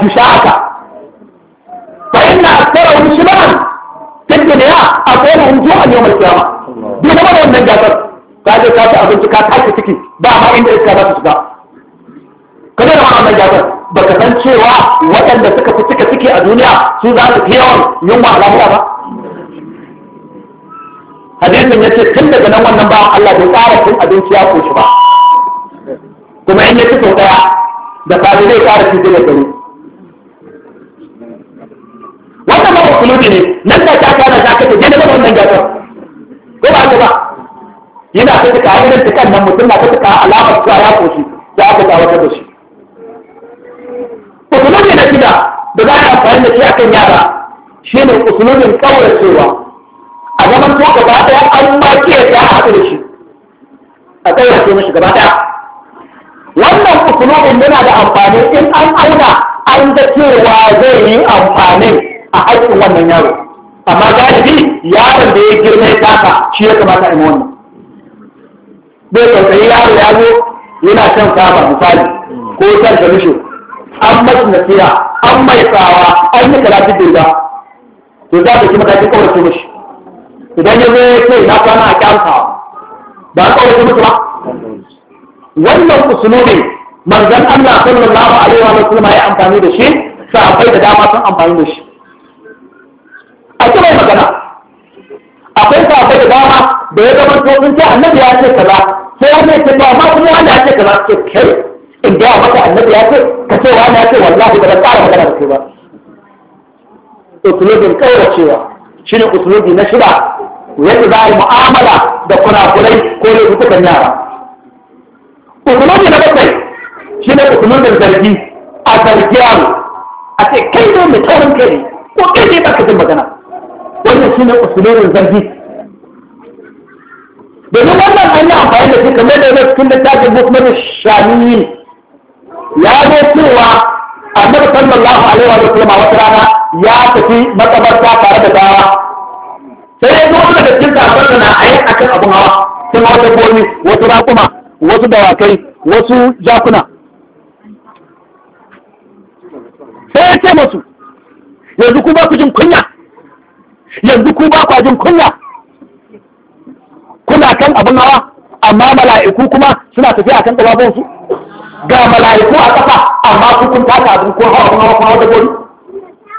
جشاعك فإن أكثرهم شمعا في الدنيا أقولهم جوعا يوم القيامة دي نمر من جاسر kaje ka ci abinci ka tashi ciki ba ma inda iska za su shiga kada da wannan jabar baka san cewa waɗanda suka fi cika ciki a duniya su za su fi yawan yunwa a ba hadisin ya ce tun daga nan wannan ba Allah bai tsara cin abinci ya koshi ba kuma in ya ci sau ɗaya da fari zai fara ci da gari wannan ba kulubi ne nan da ta fara ta kace je da wannan gasar ko ba ta ba yana ta tuka ta tukan nan mutum na ta tuka alamar a ya shi, za a ta wata da shi to kuma ne na gida da za a amfani da shi a kan yara shi ne usulubin kauracewa a zaman to gaba ɗaya an ma ke ta haɗu da shi a kaurace mashi gaba ɗaya wannan usulubin yana da amfani in an auna an ga cewa zai yi amfani a haƙƙin wannan yaro amma galibi yaron da ya girma ya taka shi ya kamata ina wannan bai tausayi yaro ya zo yana shan kama misali ko shan kamisho an masu nasiya an mai tsawa an yi karatu da ba to za ka ji matakin su mashi idan ya zo ya ce na kwana a kyamsa ba su mashi ba wannan usulubin manzan Allah sallallahu alaihi wa sallam ya amfani da shi akwai da dama sun amfani da shi a kira magana akwai akwai da dama da ya zama to sun ce annabi ya ce kaza sai wani ya ce ba ma kuma wani ya ce kaza ce kai in ga maka annabi ya ce ka ce wani ya ce wallahi ba zan ƙara magana da kai ba usulubin kauracewa shine usulubi na shida yadda za a yi mu'amala da kurai ko laifukan yara hukumar na bakwai shi ne hukumar da zargi a zargi yaro a ce kai zo mai taurin kai ko kai ne baka jin magana wannan shi ne usulun zargi domin wannan an yi amfani da shi kamar da yana cikin littafin hukumar shamiyin ya zo cewa annabi sallallahu alaihi wa sallam a wata rana ya tafi matsabarta tare da dawa sai ya zo da cikin tafiyar na ayi akan abun hawa sun wata gomi wasu rakuma wasu dawakai wasu jakuna sai ya ce masu yanzu ku ba ku jin kunya yanzu ku ba ku jin kunya kuna kan abin hawa amma mala'iku kuma suna tafiya kan tsawabansu ga mala'iku a ƙasa amma su kun taka abin ko hawa kuma kuma wata gori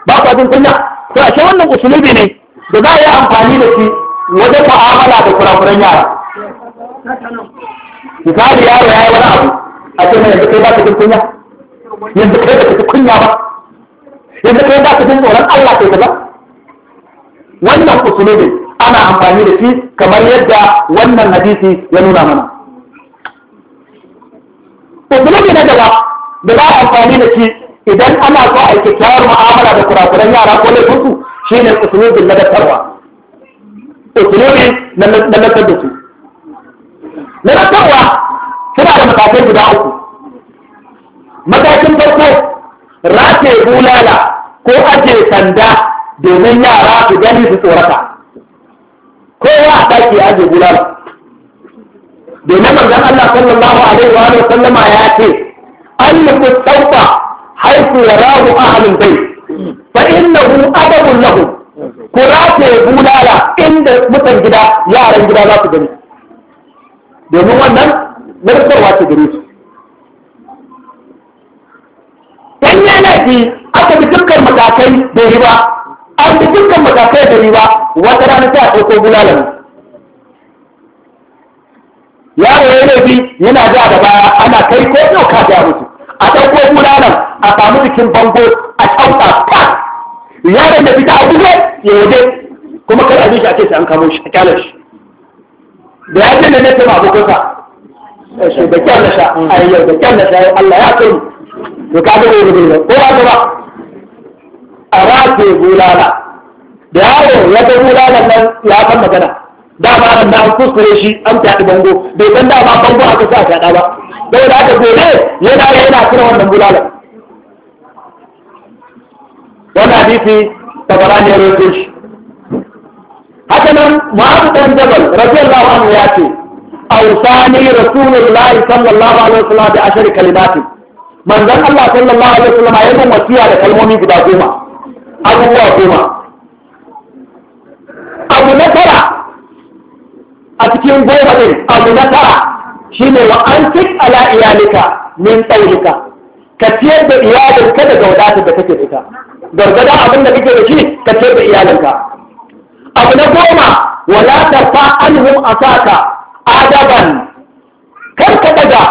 ba ku jin kunya to ashe wannan usulubi ne da za a yi amfani da shi wajen ta'amala da kurakuran yara misali yaro ya yi wani abu a ce yanzu kai ba ka jin kunya yanzu kai ba ka ji kunya ba yanzu kai ba ka jin tsoron Allah kai ba wannan usulu ne ana amfani da shi kamar yadda wannan hadisi ya nuna mana usulu ne na gaba da za a amfani da shi idan ana so a kyakkyawar mu'amala da kurakuran yara ko laifinsu shi ne usulubin na dattarwa usulubin na lantar da su lalatarwa suna da matakai guda uku matakin farko rafe bulala ko ake sanda domin yara su gani su tsorata kowa a taki ya ajiye bulala domin manzon Allah sallallahu alaihi wa sallama ya ce an yi sauka haifu ya rahu ahalin bai fa innahu adabun lahu ku rafe bulala inda mutan gida yaran gida za su gani domin wannan narkarwa ce gare su dan ya laifi aka bi dukkan matakai da riba an bi dukkan matakai da riba wata rana sa a ɗauko bulalan yaro ya laifi yana ja da baya ana kai ko yau ka ja musu a ɗauko bulalan a samu jikin bango a ɗauka pa yaron da fita a buɗe ya waje kuma kar a bi shi a ce sai an kamo shi a kyalar shi da ya ce da na ce babu kusa shi da kyau na sha a yau da kyau na Allah ya kai to ka ga wani ne ko ba ba a rafe bulala da yaro ya ga bulala nan ya san magana Da ba nan da an kuskure shi an taɗi bango bai san dama bango aka sa taɗa ba sai da aka gobe yana yana kira wannan bulalan wannan hadisi tabarani ya roƙe shi haka nan ɗan dan jabal radiyallahu lawan ya ce awsani la'i sallallahu alaihi wasallam da ashari kalimati manzan Allah sallallahu alaihi wasallam ya yi wasiya da kalmomi guda goma abubuwa goma abu na tara a cikin goma din abu na tara shine wa an tik ala iyalika min tsawlika ka ciyar da iyalinka da wadatar da kake fita gargada abin da kake da shi ka ciyar da iyalinka abu na goma wala ta fa'alhum asaka adaban kar ka daga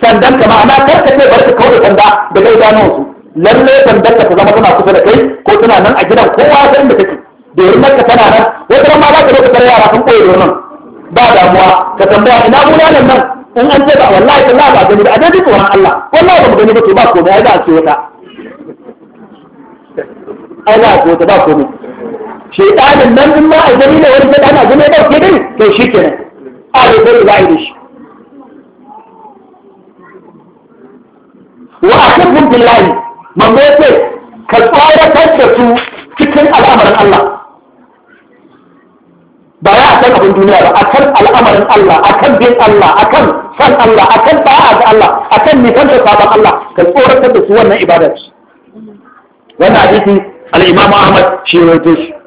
sandan ka ma'ana kar ka ce bar ka kawo sanda da kai gano su lalle sandan ka ta zama tana kusa da kai ko tana nan a gidan kowa san da take domin ka tana nan wata ma za ka zo ka yara sun koyi nan. ba damuwa ka tambaya ina gudanar nan in an ce ba wallahi ta ba gani ba a dai tsoron Allah wallahi ba mu gani ba to ba komai ai za a ce wata ai za a ce wata ba komai shaitanin nan in ma a gani ne wani shaitanin a gani ya ɗauke dai to shi kenan a da zai za'i da shi wa a kafin billahi manzo ya ce ka tsawatar da su cikin al'amarin Allah ba ya a kan abin duniya ba a kan al'amarin Allah a kan bin Allah a kan san Allah a kan ba'a ga Allah a kan nisanta sabon Allah ka tsoratar da su wannan ibadar wannan hadisi al-Imam Ahmad shi rawaito shi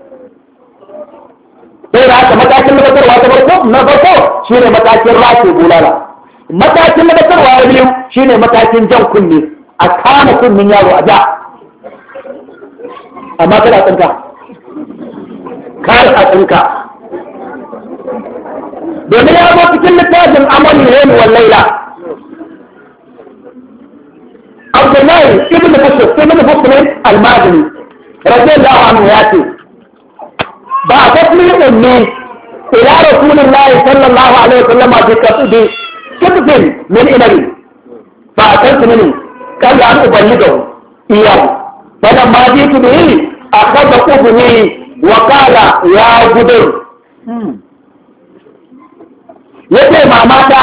saboda haka matakin nabatarwa ta farko na farko shine matakin rashe bulala matakin nabatarwa na biyu shine matakin jan kunne a kama kunnen yaro a ja. amma kada tsinka kar a tsinka domin ya zo cikin littafin amal ne wallaila Abdullahi ibn Bushr ibn Bushr al-Madini radiyallahu anhu ya ce ba a tafi da ila layi, sallallahu alaihi wasallam bi kasubi kibdin min ne, ba a tafi ne, kan da an ubanni da iya wannan ma ji su ne a kada ne wa kala ya Ya ce mamata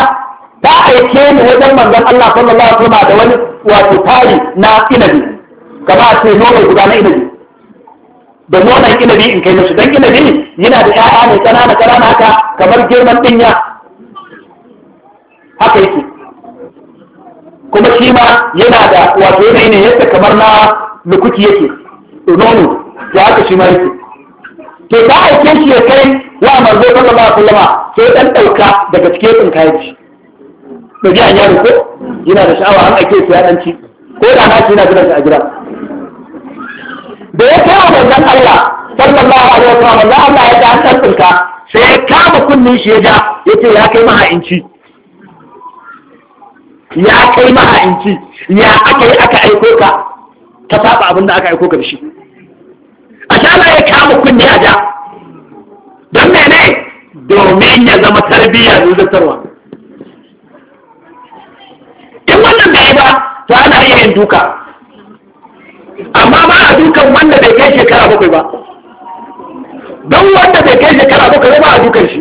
ta aike ni wajen manzon Allah sallallahu alaihi wasallam da wani wato tari na inabi kamar a ce nono guda na ne. da nonon inabi in kai musu don inabi yana da ƴaƴa mai ƙanana ƙanana haka kamar girman dinya haka yake kuma shi ma yana da wato yana yin yadda kamar na lukuki yake nono da haka shi ma yake to ta aike shi ya kai wa manzo sallallahu alaihi wasallam sai dan ɗauka daga cikin kayan shi da biyan yaro ko yana da sha'awa an aike shi ya dan ci ko da na shi yana gidan a gida da ya kama manzon Allah sallallahu alaihi wasallam manzon Allah ya ja tsarkinka sai ya kama kunnin shi ya ja yace ya kai inci ya kai inci ya aka yi aka aiko ka ta saba abin da aka aiko ka shi a shala ya kama kunni a ja don mene domin ya zama tarbiyya da zartarwa in wannan bai ba to ana iya yin duka amma ba a dukan wanda bai kai shekara bakwai ba don wanda bai kai shekara bakwai ba a dukan shi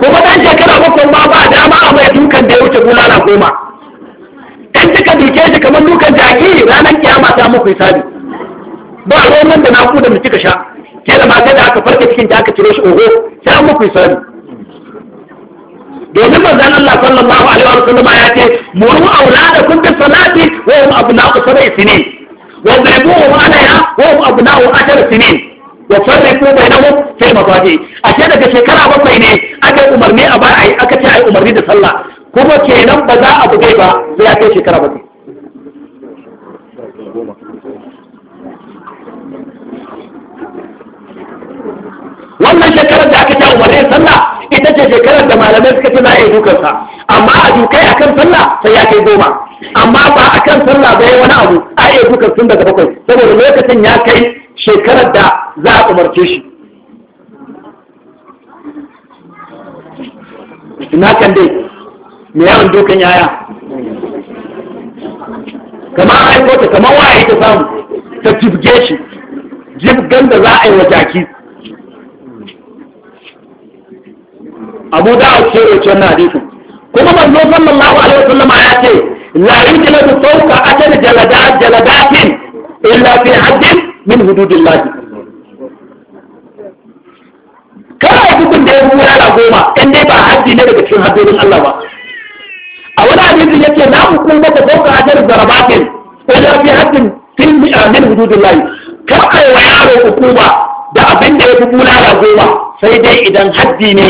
kuma dan shekara bakwai ba, ba dama a mai dukan da ya wuce na goma in kika duke shi kamar dukan jaki ranar kiyama ta muku hisabi ba ruwan da na ku da mu kika sha ke da ma sai da aka farke cikin da aka ciro shi oho sai an muku hisabi domin manzon Allah sallallahu alaihi wa sallam ya ce muru auladakum bis salati wa hum abna'u sab'i sinin wa dribuhum alaiha wa hum abna'u ashar sinin wa farriqu bainahum fil mafaji ashe daga shekara bakwai ne aka umarni a bai ai aka ce ai umarni da sallah kuma kenan ba za a buge ba sai ya kai shekara bakwai wannan shekarar da aka ce umarni sallah ita ce shekarar da malamai suka ce za a yi dukansa amma a dukai akan sallah sai ya kai goma amma ba kan sallah ba wani abu a yi dukan tun daga bakwai saboda lokacin ya kai shekarar da za a umarce shi ina kan dai me yawan dukan yaya kama yi kota kama waye ta samu ta jibge shi jibgan da za a yi wa jaki abu da ake ce wannan hadisi kuma manzo sallallahu alaihi wasallam ya ce la yujladu fawqa ajal jaladat jaladatin illa fi hadd min hududillah kada hukun da ya ruwa la goma in dai ba haddi ne daga cikin haddin Allah ba a wani hadisi yake na hukun maka fawqa ajal zarabatin illa fi hadd ah, min hududillah kar kai wa yaro hukuma da abin da ya fi da goma sai dai idan haddi ne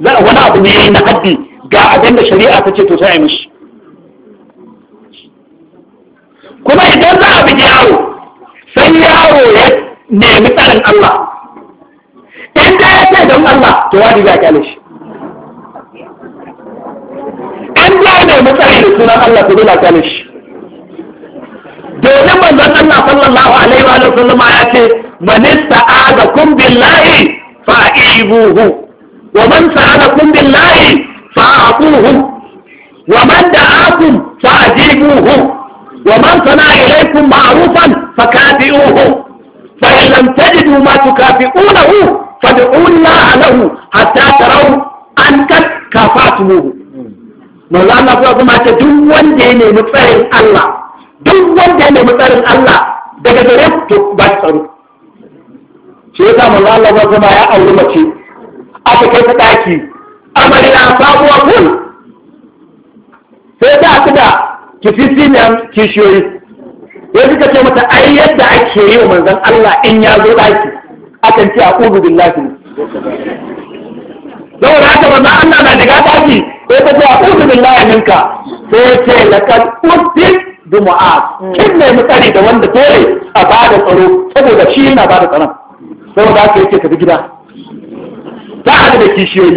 wani abu ne na haddi ga abin da shari'a ta ce to sai mishi kuma idan za a bi yaro sai yaro ya nemi tsarin Allah in da ya ce don Allah to wadi za kyale shi an ja nemi tsarin da sunan Allah to dole kyale shi domin manzon Allah sallallahu alaihi wa sallam ya ce man ista'aza kum billahi fa'ibuhu ومن سألكم بالله فأعطوه ومن دعاكم فأجيبوه ومن صنع إليكم معروفا فكافئوه فإن لم تجدوا ما تكافئونه فادعوا الله له حتى تروا أن قد كافأتموه مولا فوق ما تدوم ديني مطفئن الله دوم ديني مطفئن الله daga gare ku ba tsaro shi yasa manzo Allah ya aka kai daki. ɗaki amarya sabuwa kun sai ta su da kifisi na kishiyoyi ya suka ce mata ai yadda ake yi wa manzan Allah in ya zo daki. akan ce a ƙudu zau da aka manzan Allah na daga daki sai ta ce a ƙudu billahi minka sai ce lakan ƙuddin dumu'a kin ne mutane da wanda dole a bada tsaro saboda shi yana ba da tsaron saboda haka yake tafi gida ta haɗu da kishiyoyi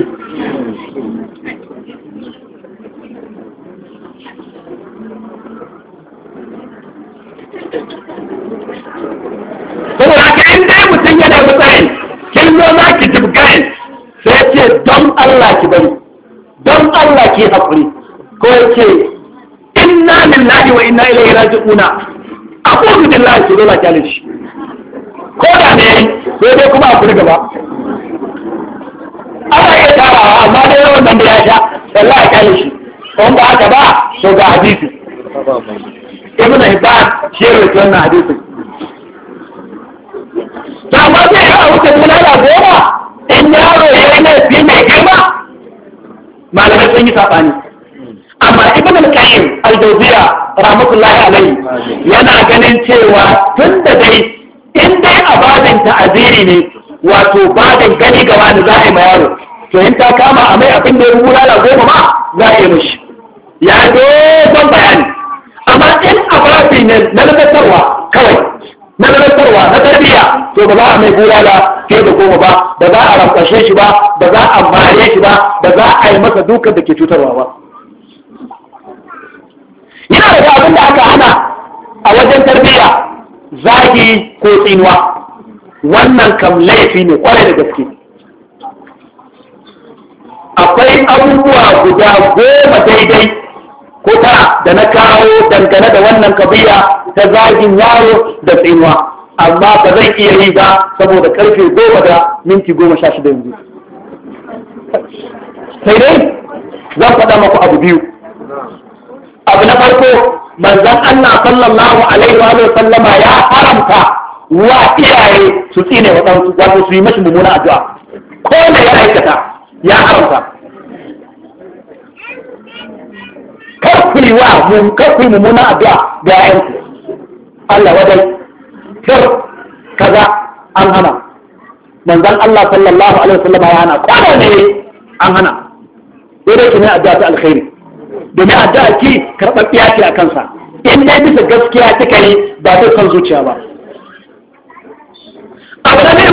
saboda haka in dai mutum yana matsayin kin zo za ki jibgayin sai ce don Allah ki bari don Allah ki haƙuri ko ce inna lillahi wa inna ilaihi raji'una aqulu billahi subhanahu wa shi ko da ne sai dai kuma a gaba ana iya tarawa amma dai yawan nan da ya sha sallah ya kyale shi kuma ba haka ba to ga hadisi ibn hibban shi ya rubuta wannan hadisi Ta ba zai yi a wuce bulala goma in yaro ya yi laifi mai girma malamai sun yi saɓani amma ibn al-qayyim al-jawziya rahmatullahi alaihi yana ganin cewa tun da dai in dai abadin ta'aziri ne wato badan gani ga wani za a yi ma yaro to in ta kama a mai abin da ya rubu lala goma ma za a yi mishi ya dogon bayani amma in a farafi ne na lalatarwa kawai na lalatarwa na tarbiyya to ba za a mai da fiye da goma ba ba za a rafashe shi ba ba za a mare shi ba ba za a yi masa duka da ke cutarwa ba yana da abin da aka hana a wajen tarbiyya zagi ko tsinuwa wannan kam laifi ne kwarai da gaske akwai abubuwa guda goma daidai ko ta da na kawo dangane da wannan kabiya ta zagin yaro da tsinuwa amma ba zai iya yi ba saboda karfe goma da minti goma sha shida yanzu sai dai zan faɗa maku abu biyu abu na farko manzon Allah sallallahu alaihi wa sallama ya haramta wa iyaye su tsine wa ɗansu wato su yi mashi mummuna addu'a ko da ya aikata ya haramta kar ku yi wa mun kar ku yi mummuna addu'a ga ƴaƴanku Allah wadai kar kaza an hana manzon Allah sallallahu alaihi wasallam ya hana ko ne an hana sai dai ne addu'a ta alkhairi domin addu'a ki karɓar ki a kansa in dai bisa gaskiya kika yi ba ta son zuciya ba abu na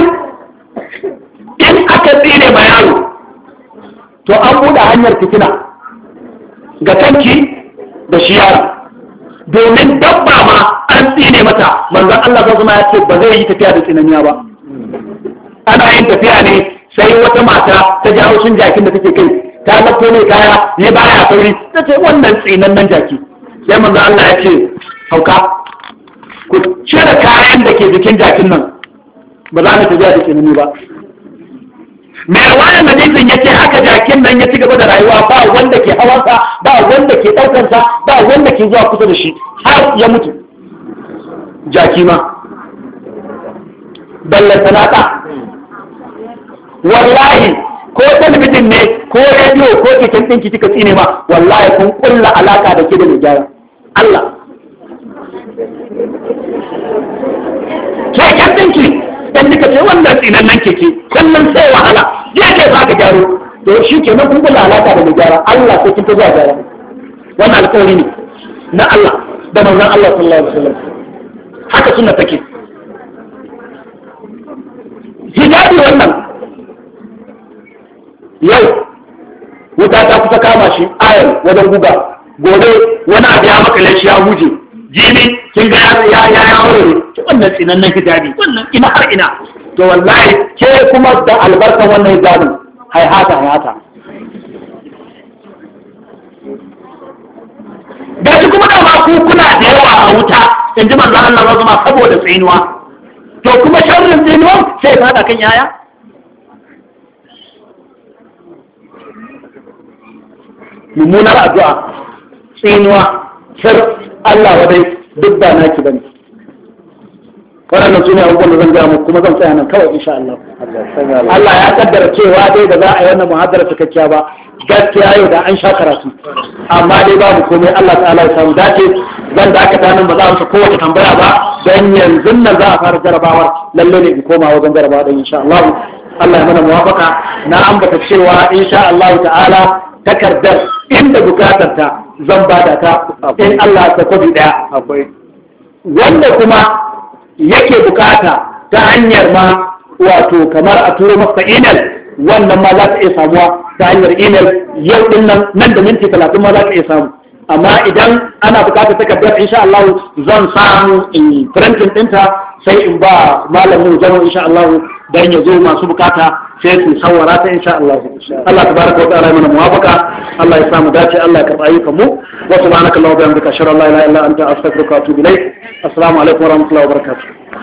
in aka tsine ma yaro to an buɗe hanyar fitina ga kanki da shi yaro domin dabba ma an tsine mata manzon Allah ko kuma ya ce ba zai yi tafiya da tsinaniya ba ana yin tafiya ne sai wata mata ta jawo sun jakin da take kai ta lafto ne kaya ne baya sauri ta ce wannan tsinannan jaki sai manzo Allah ya ce hauka ku cire kayan da ke jikin jakin nan ba za ka tafiya da kinini ba mai wani hadisin ya ce haka jakin nan ya ci gaba da rayuwa ba wanda ke hawansa ba wanda ke ɗaukansa ba wanda ke zuwa kusa da shi har ya mutu jaki ma ballar sanata wallahi ko talabijin ne ko rediyo ko keken ɗinki kika tsine ma wallahi kun kulla alaka da ke da mai gyara Allah keken ɗinki dan duka ce wannan tsinan nan keke wannan sai wahala ya ce ba ka gyaro to shi ke nan kun lalata da gyara Allah sai kin ta zuwa gyara wannan alƙawari ne na Allah da manzon Allah sallallahu alaihi wasallam haka sunna take hijabi wannan yau wuta ta kusa kama shi ayar wajen guga gobe wani abu ya maka shi ya huje jini kin ga ya ya ya wannan tsinannen hijabi wannan ina har ina to wallahi ke kuma da albarkan wannan hijabin haihata haihata da shi kuma da ku kuna da yawa a wuta in ji manzo Allah zama saboda tsinuwa to kuma sharrin tsinuwa sai da kan yaya mummunar addu'a tsinuwa sir Allah wadai duk ba naki bane waɗannan su ne abubuwan da zan gaya muku kuma zan tsaya nan kawai insha Allah Allah ya kaddara cewa dai da za a yi wannan muhaddara cikakkiya ba gaskiya yau da an sha karatu amma dai babu komai Allah ta'ala ya samu dace zan dakata nan ba za amsa kowace tambaya ba dan yanzu nan za a fara jarabawar lalle ne in koma wajen jarabawa dan insha Allah Allah ya mana muwafaka na ambata cewa insha Allah ta'ala takardar inda bukatar ta zan bada ta in Allah ta kwabi daya wanda kuma yake bukata ta hanyar ma wato kamar a turo masa email wannan ma za ta iya samuwa ta hanyar email yau din nan nan da minti talatin ma za ta iya samu amma idan ana bukatar takardar insha Allah zan samu in printing ɗinta sai in ba malamin zama insha Allah dan ya zo masu bukata sai su sawara ta insha Allah Allah tabaraka wa ta'ala mana muwafaka Allah ya samu dace Allah ya karba ayyukan mu wa subhanaka allahumma wa bihamdika ashhadu an la ilaha illa anta astaghfiruka wa atubu ilayk assalamu alaikum wa rahmatullahi wa barakatuh